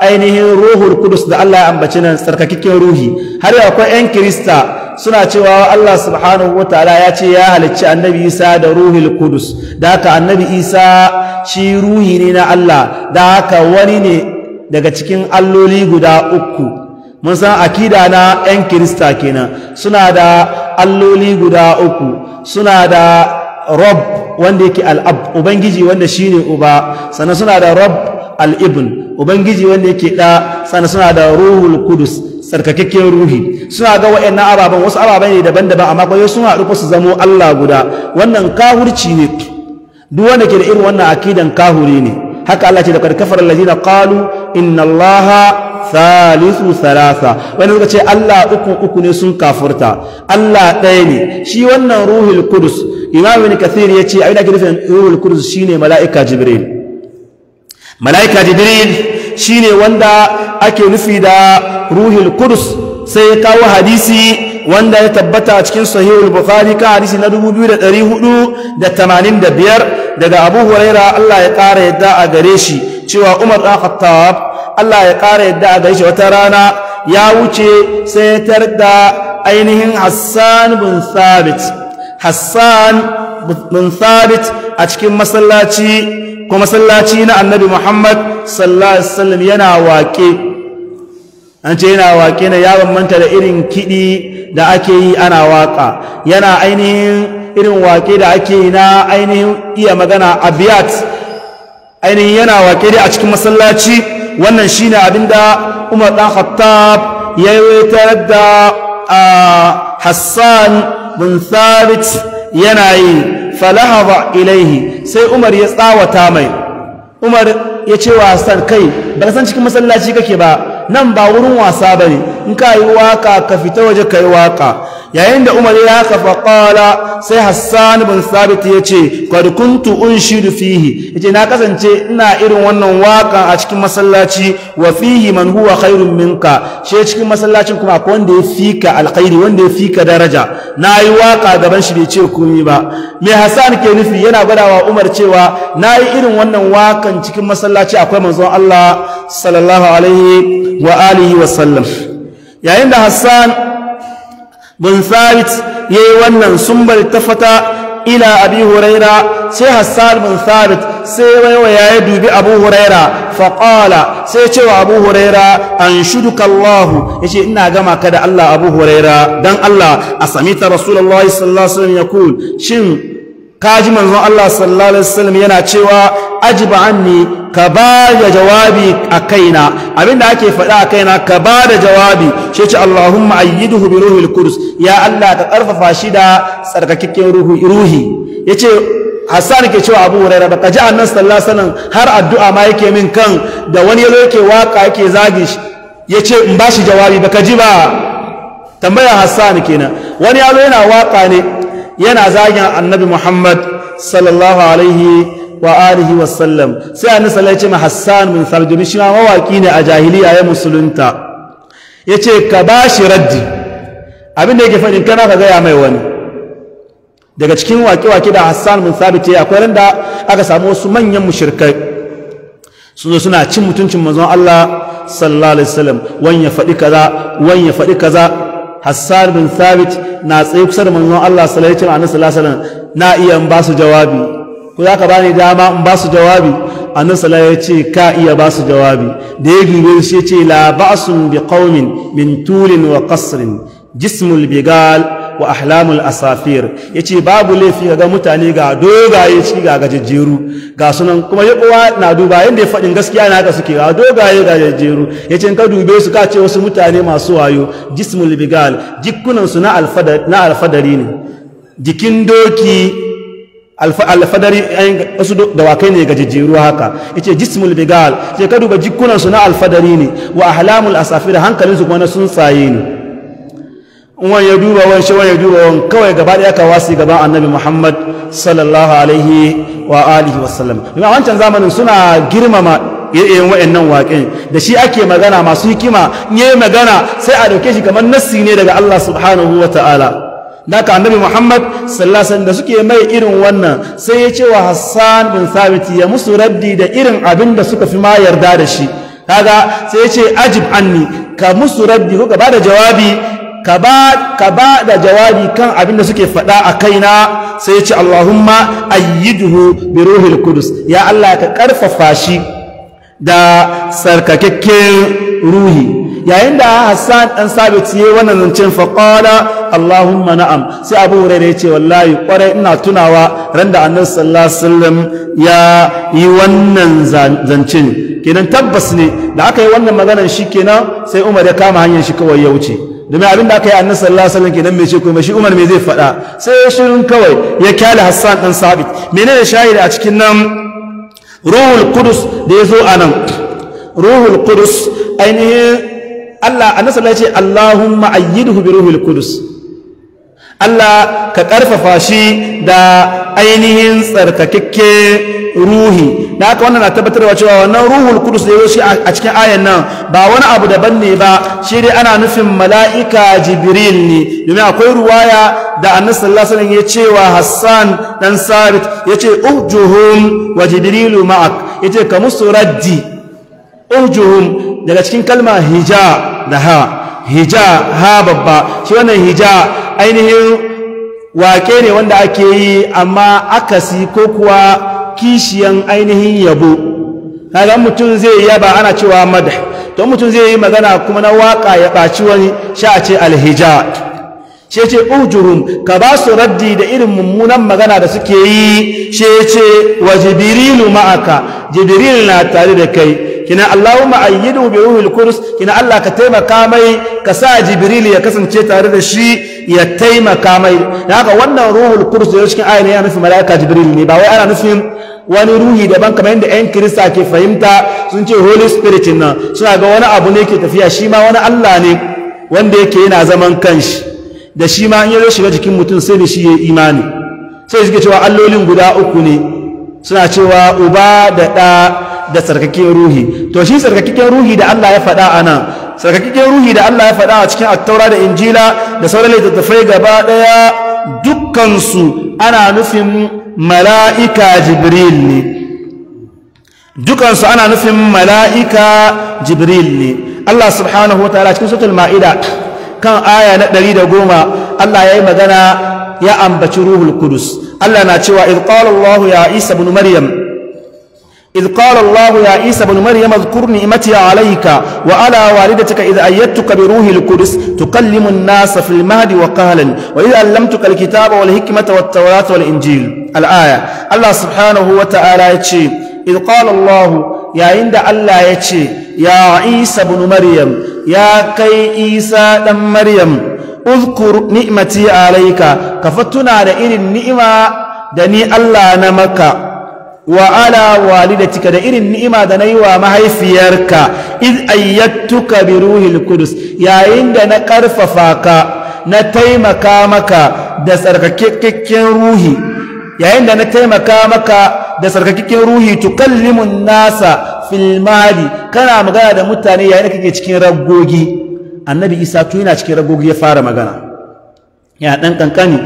ainihin ruhul kudus da Allah ya ambaci nan sarkakikin ruhi har akwai yan kirista suna cewa Allah subhanahu wataala ya ce ya halicci annabi Isa da ruhul kudus da haka annabi Isa shi ruhi ne na Allah da haka wani ne daga cikin alloli guda uku mun san akida na 'yan kirista kenan suna da alloli guda uku suna da rob wanda yake al'ab ubangiji wanda shi ne uba sannan suna da rob al'ibn ubangiji wanda yake ɗa, sannan suna da ruhul kudus tsarkakakken ruhi suna ga na ababen wasu ababen ne daban-daban amma kwayo suna rufe su zamo Allah guda wannan kahurci ne duk wanda ke da irin wannan akidan kahuri ne haka Allah ce da kwarkafar allazina kalu inna allaha salisu salasa wani suka ce Allah uku uku ne sun kafurta Allah ɗaya ne shi wannan ruhul kudus imam ibn kathir ya ce abin da ke nufin ruhul kudus shine mala'ika jibril mala'ika jibril shine wanda ake nufi da ruhul kudus sai ya kawo hadisi wanda ya tabbata a cikin sahihul bukhari ka hadisi na biyar? daga abu huraira Allah ya ƙara yadda a gare shi cewa umar ɗan khattab Allah ya ƙara yadda a gaishe wata rana ya wuce sai ya tarda ainihin Hassan bin Thabit Hassan bin Thabit a cikin masallaci ko masallaci na Annabi Muhammad sallallahu alaihi wasallam yana waƙe an ce yana waƙe na ya manta da irin kiɗi da ake yi ana waƙa yana ainihin irin waƙe da ake yi na ainihin iya magana abiyat ainihin yana waƙe dai a cikin masallaci wannan shi shine da Umar ɗan Khattab ya waitar da Hassan bin Thabit yana yi falahaba ilaihi sai Umar ya tsawata mai Umar ya ce wa kai ba san cikin masallaci kake ba nan ba wurin wasa ba ne. in ka yi waka ka fita waje ka yi waka yayin da umar ya kafa kwala, sai hassan bin sabit ya ce kwadkuntu unshidu fihi ya na kasance ina irin wannan waka a cikin masallaci wa fihi man huwa khairun minka shi cikin masallacin kuma akwai wanda ya fika alkhairi wanda ya fika daraja na yi waka gaban shi bai ce komi ba mai hassan ke nufi yana gwadawa umar cewa na yi irin wannan wakan cikin masallaci akwai manzon allah sallallahu alaihi wa alihi wa sallam yayin da hassan bin sabit ya yi wannan sumbar ta fata ila abi huraira sai hassan bin sabit sai waiwaya ya dubi abu huraira faƙala sai cewa abu huraira an shuduka kallahu ya ce ina gama ka da allah abu huraira don allah a sami ta rasulallah sallallahu alaihi wasallam ya shin kaji manzon Allah sallallahu alaihi wasallam yana cewa ajiba anni ka ba da jawabi a kaina Abin da ake faɗa a kaina ka ba da jawabi shi ce Allahumma ayyiduhu bi ruhil qudus ya Allah ka karfafa shi da sarkakkin ruhi ruhi yace Hassan ke cewa Abu Hurairah ba kaji annabi sallallahu alaihi wasallam har addu'a ma yake min kan da wani yazo yake waka yake zagi shi yace in ba shi jawabi ba ji ba tambaya Hassan kenan wani yazo yana waka ne yana zagin annabi Muhammad sallallahu alaihi wa alihi wa sallam sai a sallallahu ma Hassan bin Sardini shi ma mawaki ne a jahiliya ya musulunta yace ka bashi raddi abinda yake faɗin kana ka gaya mai wani daga cikin waƙe-waƙe da Hassan bin Thabit akwai ran da aka samu wasu manyan mushirkai su zo suna cin mutuncin manzon Allah sallallahu alaihi wasallam wani faɗi kaza ya faɗi kaza Hassan bin Thabit na tsaye kusa da manzon Allah sallallahu alaihi wasallam na iya in ba su jawabi ko zaka bani dama in ba su jawabi annabi sallallahu ya ce ka iya ba su jawabi da ya dube shi ce la ba'sun bi qaumin min tulin wa qasrin jismul bigal wa ahlamul asafir yace babu lafi ga mutane ga dogaye ci ga gajejeru ga sunan kuma ya kowa na duba yanda ya fadin gaskiya na haka suke ga dogaye ga gajejeru yace in ka dube su ka ce wasu mutane masu wayo jismul bigal jikunan su na alfadari na alfadari ne jikin doki alfadari wasu dawakai ne gajejjeru haka yace jismul bigal yace ka duba jikunan su na alfadari ne wa ahlamul asafir hankalin su kuma na tsuntsaye ne wani ya duba wani shi wani ya duba wani kawai gaba ya kawo su gaban annabi muhammad sallallahu alaihi wa alihi wasallam domin a wancan zamanin suna girmama yayin wa'annan waƙen da shi ake magana masu hikima in yi magana sai a dauke shi kamar nassi ne daga allah subhanahu wa ta'ala daga annabi Muhammad sallallahu alaihi da suke mai irin wannan sai ya ce wa Hassan bin Thabit ya musu raddi da irin abin da suka fi ma yarda da shi kaga sai ya ce ajib anni ka musu raddi ko gaba da jawabi ka ba da jawabi kan abin da suke faɗa a kaina sai ya ce Allahumma ayyiduhu bi ruhil kudus ya Allah ka karfafa shi da sarkakakken ruhi yayin da Hassan dan sabit ya wannan fa qala Allahumma na'am sai Abu Hurairah ya ce wallahi kware ina tunawa ran da Annabi sallallahu alaihi wasallam ya yi wannan zancen kenan tabbas ne da aka yi wannan maganar shi kenan sai Umar ya kama hanyar shi kawai ya wuce domin abin da aka yi annabi sallallahu alaihi wasallam kenan mai ce kuma shi Umar me zai faɗa sai ya shirin kawai ya kyale Hassan dan Sabit menene shahidi a cikin nan Ruhul Kudus da yazo anan Ruhul Qudus ainihin Allah annabi sallallahu ce Allahumma ayyidhu hubi ruhul Kudus. Allah ka ƙarfafa shi da ainihin tsarkakakke ruhi da haka wannan na tabbatarwa cewa wannan ruhul kudus da shi a cikin ayan nan ba wani abu daban ne ba shi dai ana nufin mala'ika jibril ne domin akwai ruwaya da annabi sallallahu alaihi wasallam ya cewa hassan dan sabit ce, uhjuhum wa jibrilu ma'ak ce, ka musu raddi uhjuhum daga cikin kalma hija da ha hija ha babba shi wannan hija ainihin wake ne wanda ake yi amma akasi ko kuwa kishiyan ainihin yabo kaga mutum zai yaba ana cewa madah to mutum zai yi magana kuma na waka ya baci wani sha ce alhijat she ce ujurum ka ba su raddi da irin mummunan magana da suke yi she ce wa jibrilu ma'aka jibril na tare da kai kina allahumma ayyidu bi ruhil qudus kina allah ka taimaka mai ka sa jibril ya kasance tare da shi ya taimaka mai da haka wannan ruhul qudus da cikin ayin ya nufi malaika jibril ne ba wai ana nufin wani ruhi daban kamar yadda 'yan kirista ke fahimta sun ce holy spirit nan suna ga wani abu ne ke tafiya shi ma wani allah ne wanda yake yana zaman kanshi da shi ma an ya zo shiga jikin mutum sai da shi ya imani sai suke cewa allolin guda uku ne suna cewa uba da ɗa da tsarkakken ruhi to shi tsarkakken ruhi da Allah ya faɗa a nan tsarkakken ruhi da Allah ya faɗa a cikin attaura da injila da sauran littattafai gaba ɗaya dukkansu ana nufin mala'ika jibril ne dukansu ana nufin mala'ika jibril ne Allah subhanahu wa ta'ala cikin sutul ma'ida kan aya na ɗari da goma Allah ya yi magana ya ambaci ruhul kudus Allah na cewa idh qala Allah ya Isa ibn Maryam idh Allah ya Isa ibn Maryam adhkur ni'mati alayka wa ala walidatika idh ayyadtuka bi ruhil kudus tukallimu an-nasa fil mahdi wa qahlan wa idh allamtuka al-kitaba wal hikmata wat tawrata wal injil al-aya Allah subhanahu wa ta'ala yace ce qala Allah yayin da Allah yace ya Isa ibn Maryam ya kai isa ɗan maryam uzkur ni'mati alaika ka fatuna da irin ni'ima da ni allah na maka wa ala walidatika da irin ni'ima da na yi wa mahaifiyarka iz ayyatuka bi ruhil qudus yayin da na karfafa ka na taimaka maka da sarkakakken ruhi yayin da na taimaka maka da sarkakakken ruhi tukallimun nasa fil kana magana da mutane yayin da kake cikin ragogi annabi isa tun yana cikin ragogi ya fara magana ya dan kankani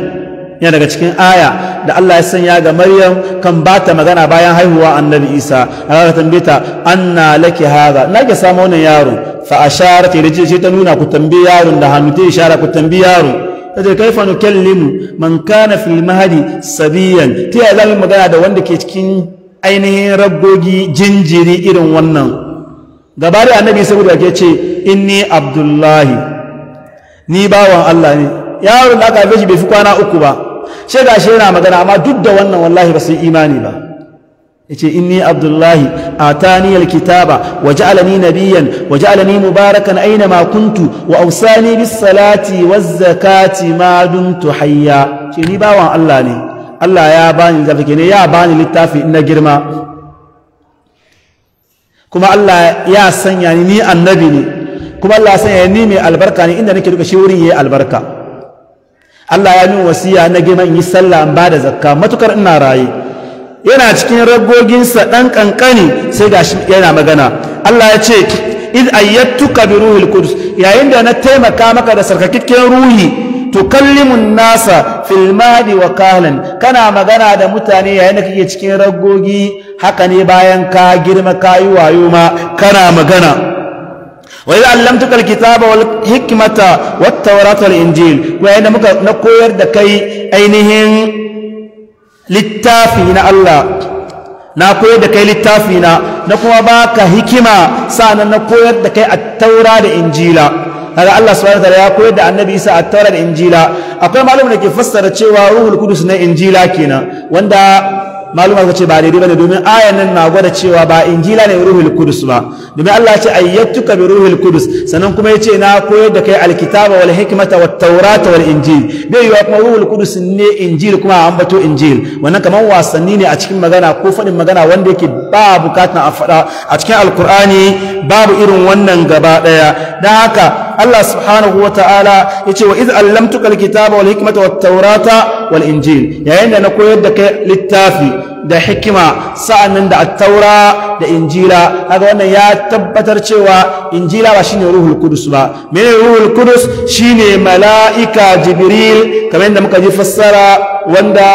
yana daga cikin aya da Allah ya sanya ga Maryam kan ba ta magana bayan haihuwa annabi Isa aka tambaye ta anna laki hadha nake samu wannan yaro fa asharat ilayhi ce ta nuna ku tambaye yaron da hannu ta ishara ku tambaye yaro tace kaifa nukallimu man kana fil mahdi sabiyan ta ya zamu magana da wanda ke cikin ainihin ragogi jinjiri irin wannan gaba da annabi saboda ke ce inni abdullahi ni bawan Allah ne wurin da aka haife shi bai fi kwana uku ba shi ga shi yana magana amma duk da wannan wallahi ba su yi imani ba yace inni abdullahi atani alkitaba wa ja'alani nabiyyan wa ja'alani mubarakan aina makuntu kuntu wa awsani bis salati waz zakati ma dumtu hayya shi ni bawan Allah ne Allah ya bani littafi ne ya bani littafi na girma kuma Allah ya sanya ni annabi ne kuma Allah ya sanya ni mai albarka ne inda nake duka shi wurin yayi albarka Allah ya min wasiya na girma in yi sallah in bada zakka matukar ina raye yana cikin ragoginsa dan kankani sai gashi yana magana Allah ya ce id ayyatuka bi ruhil qudus yayin da na taimaka maka da sarkakkiyar ruhi tukallimun nasa filmadi wa Kalin kana magana da mutane yayin da kake cikin ragogi? haka ne bayan ka girma kayi wayo ma kana magana wa idza allamtuka kitaba wal hikmata wat tawrata wal injil yayin da muka na koyar da kai ainihin littafi na Allah na koyar da kai littafi na na kuma baka hikima sanan na koyar da kai at-taura da injila kaga Allah subhanahu wataala ya koyar da annabi Isa a Taurat Injila akwai malamin da ke fassara cewa Ruhul Qudus na Injila kenan wanda ka ce ba daidai bane domin ayan nan na gwada cewa ba injila ne ruhul kudus ba domin Allah ya ce ayyatuka bi ruhul kudus sannan kuma ya ce na koyar da kai alkitaba wal hikmata wat tawrata wal injil bai yiwa kuma ruhul kudus ne injil kuma ambato bato injil wannan kamar wasanni ne a cikin magana ko fadin magana wanda yake ba bukatan a faɗa a cikin alkur'ani babu irin wannan gaba ɗaya don haka Allah subhanahu wa ta'ala ya ce wa iz allamtuka alkitaba wal hikmata wat taurata wal injil yayin da na koyar da kai littafi da hikima sa'annan da attaura da injila kaga wannan ya tabbatar cewa injila ba shine ruhul kudus ba mene ruhul kudus shine mala'ika jibril kamar yadda muka ji fassara wanda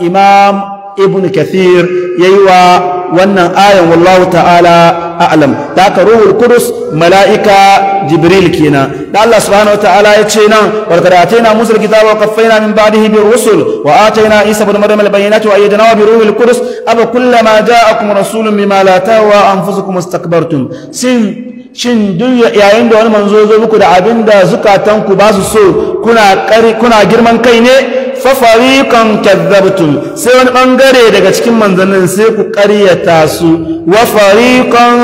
imam ibn kathir yayi wa wannan ayan wallahu ta'ala a'lam da ka ruhul kudus mala'ika jibril kenan da Allah subhanahu wataala ya ce nan walqad na musa alkitaba wa qaffayna min ba'dihi bir rusul wa atayna isa ibn maryam albayinati wa ayyadnahu bi ruhil kudus aba kullama ja'akum rasulun bima la tahwa anfusukum istakbartum sin shin duk yayin da wani manzo zo muku da abin da zukatanku ba su so kuna kuna girman kai ne fa fariqan kadzabtum sai wani bangare daga cikin manzannin sai ku ƙaryata su wa fariqan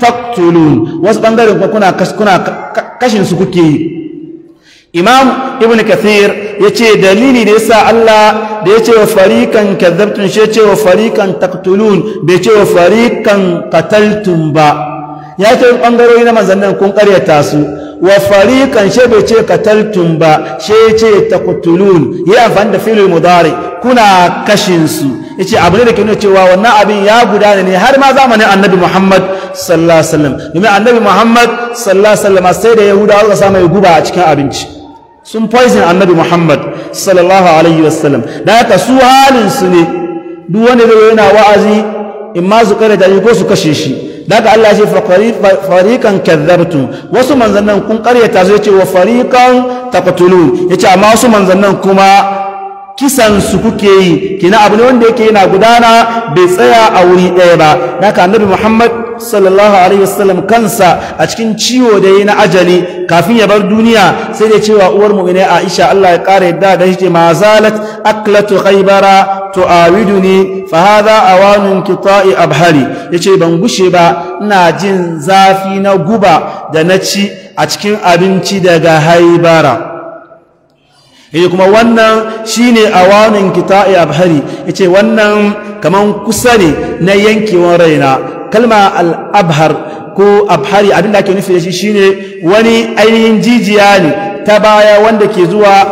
taqtulun wasu bangaren kuma kuna kuna kashin su kuke imam ibn kathir yace ce dalili da yasa Allah da ya ce wa farikan kazzabtun shi ya wa fariqan taqtulun bai ce wa farikan kataltun ba ya ce ɓangarori na manzannin kun ƙaryata su wa fari kan she bai ce kataltun ba she ce ta taqtulun yi amfani da filin mudari kuna kashin su yace abu ne da ke nuna cewa wannan abin ya gudana ne har ma zamanin annabi Muhammad sallallahu alaihi wasallam domin annabi Muhammad sallallahu alaihi wasallam sai da yahudawa suka samu guba a cikin abinci sun poison annabi Muhammad sallallahu alaihi wasallam da haka su halin su ne duk wanda zai yana wa'azi in ma su kare da ko su kashe shi daga Allah ce farikan kadhabtum wasu manzannan kun karyata su yace wa fariqan taqtulun yace amma wasu manzannan kuma kisansu kuke yi kina abu ne wanda yake yana gudana bai tsaya a wuri ɗaya ba naka annabi muhammad sallallahu alaihi wasallam kansa a cikin ciwo da yi na ajali kafin ya bar duniya sai da cewa uwar ne aisha allah ya ƙara yadda da shi ma zalat aklatu khaybara tu'awiduni fa hadha awanun qita'i abhari yace ban gushe ba ina jin zafi na guba da na ci a cikin abinci daga haibara yace kuma wannan shine awanin qita'i abhari yace wannan kaman kusa ne na yankewan raina kalma al-abhar ko abhari abin da ake nufi da shi shine wani ainihin jijiya ne ta baya wanda ke zuwa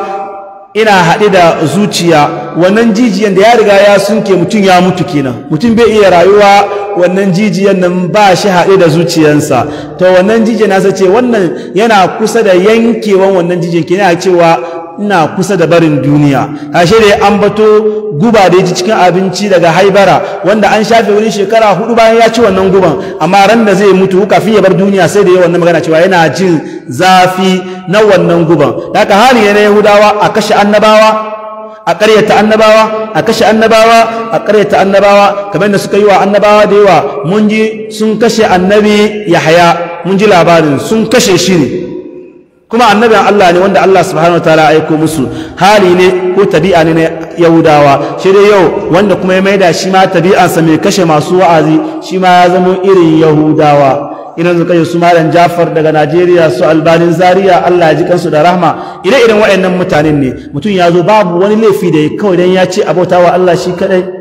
ina haɗe da zuciya wannan jijiyan da ya riga ya sunke mutum ya mutu kenan mutum bai iya rayuwa wannan jijiyan nan ba shi haɗe da zuciyansa to wannan jijiyan nasa ce wannan yana kusa da yankewan wannan jijiyan kenan cewa ina kusa da barin duniya ashe da an bato guba da yaji cikin abinci daga haibara wanda an shafe wurin shekara hudu bayan ya ci wannan guban amma ran da zai mutu kafin ya bar duniya sai da ya wannan magana cewa yana jin zafi na wannan guban Da haka hali ya na yahudawa a kashe annabawa a ƙaryata annabawa a kashe annabawa a ƙaryata annabawa kamar da suka yi wa annabawa da yawa mun ji sun kashe annabi yahaya mun ji labarin sun kashe shi ne kuma annabin Allah ne wanda Allah subhanahu wataala aiko musu hali ne ko tabi'a ne na yahudawa shi dai yau wanda kuma ya maida shi ma tabi'ansa mai kashe masu wa'azi shi ma ya zama irin yahudawa ina zuka yi su malam jafar daga najeriya su albanin zaria allah ya ji kansu da rahma ire iren waɗannan mutanen ne mutum ya zo babu wani laifi da ya kawai dan ya ce abota wa allah shi kaɗai.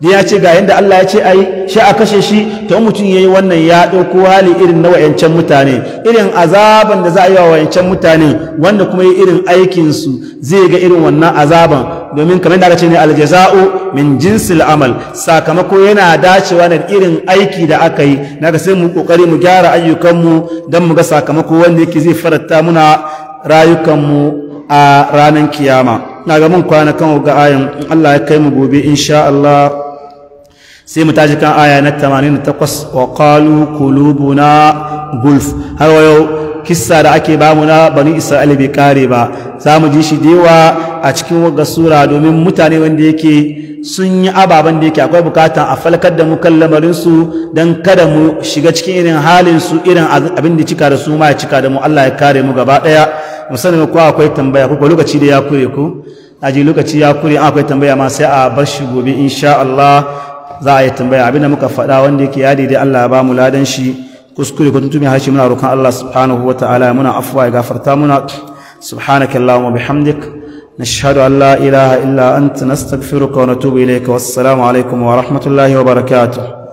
da ya ce ga yadda Allah ya ce ai shi a kashe shi to mutum yayi wannan ya dauko hali irin na wayancan mutane irin azaban da za a yi wa wayancan mutane wanda kuma yi irin aikin su zai ga irin wannan azaban domin kamar da aka ce ne aljaza'u min jinsil amal sakamako yana dacewa da irin aiki da aka yi Na ga sai mu kokari mu gyara ayyukan mu dan mu ga sakamako wanda yake zai faranta muna rayukan mu a ranar kiyama na ga mun kwana kan ga ayan Allah ya kai mu gobe insha Allah sai mu tashi kan aya na 88 wa qalu qulubuna gulf har wayo kissa da ake bamu na bani isra'ila bai kare ba za mu ji shi dewa a cikin wagga sura domin mutane wanda yake sun yi ababen da yake akwai bukatan a falkar da mu kan lamarinsu don kada mu shiga cikin irin halinsu irin abin da cika da su ma ya cika da mu Allah ya kare mu gaba daya musamman ko akwai tambaya ko lokaci da ya kure ku A ji lokaci ya kure an akwai tambaya ma sai a bar shi gobe insha Allah za a yi tambaya abin da muka faɗa wanda yake ya daidai Allah ya ba mu ladan shi kuskure ko tuntumi harshe muna roƙon Allah subhanahu wa ta'ala muna afuwa ya gafarta muna subhanakallahumma bihamdika نشهد أن لا إله إلا أنت نستغفرك ونتوب إليك والسلام عليكم ورحمة الله وبركاته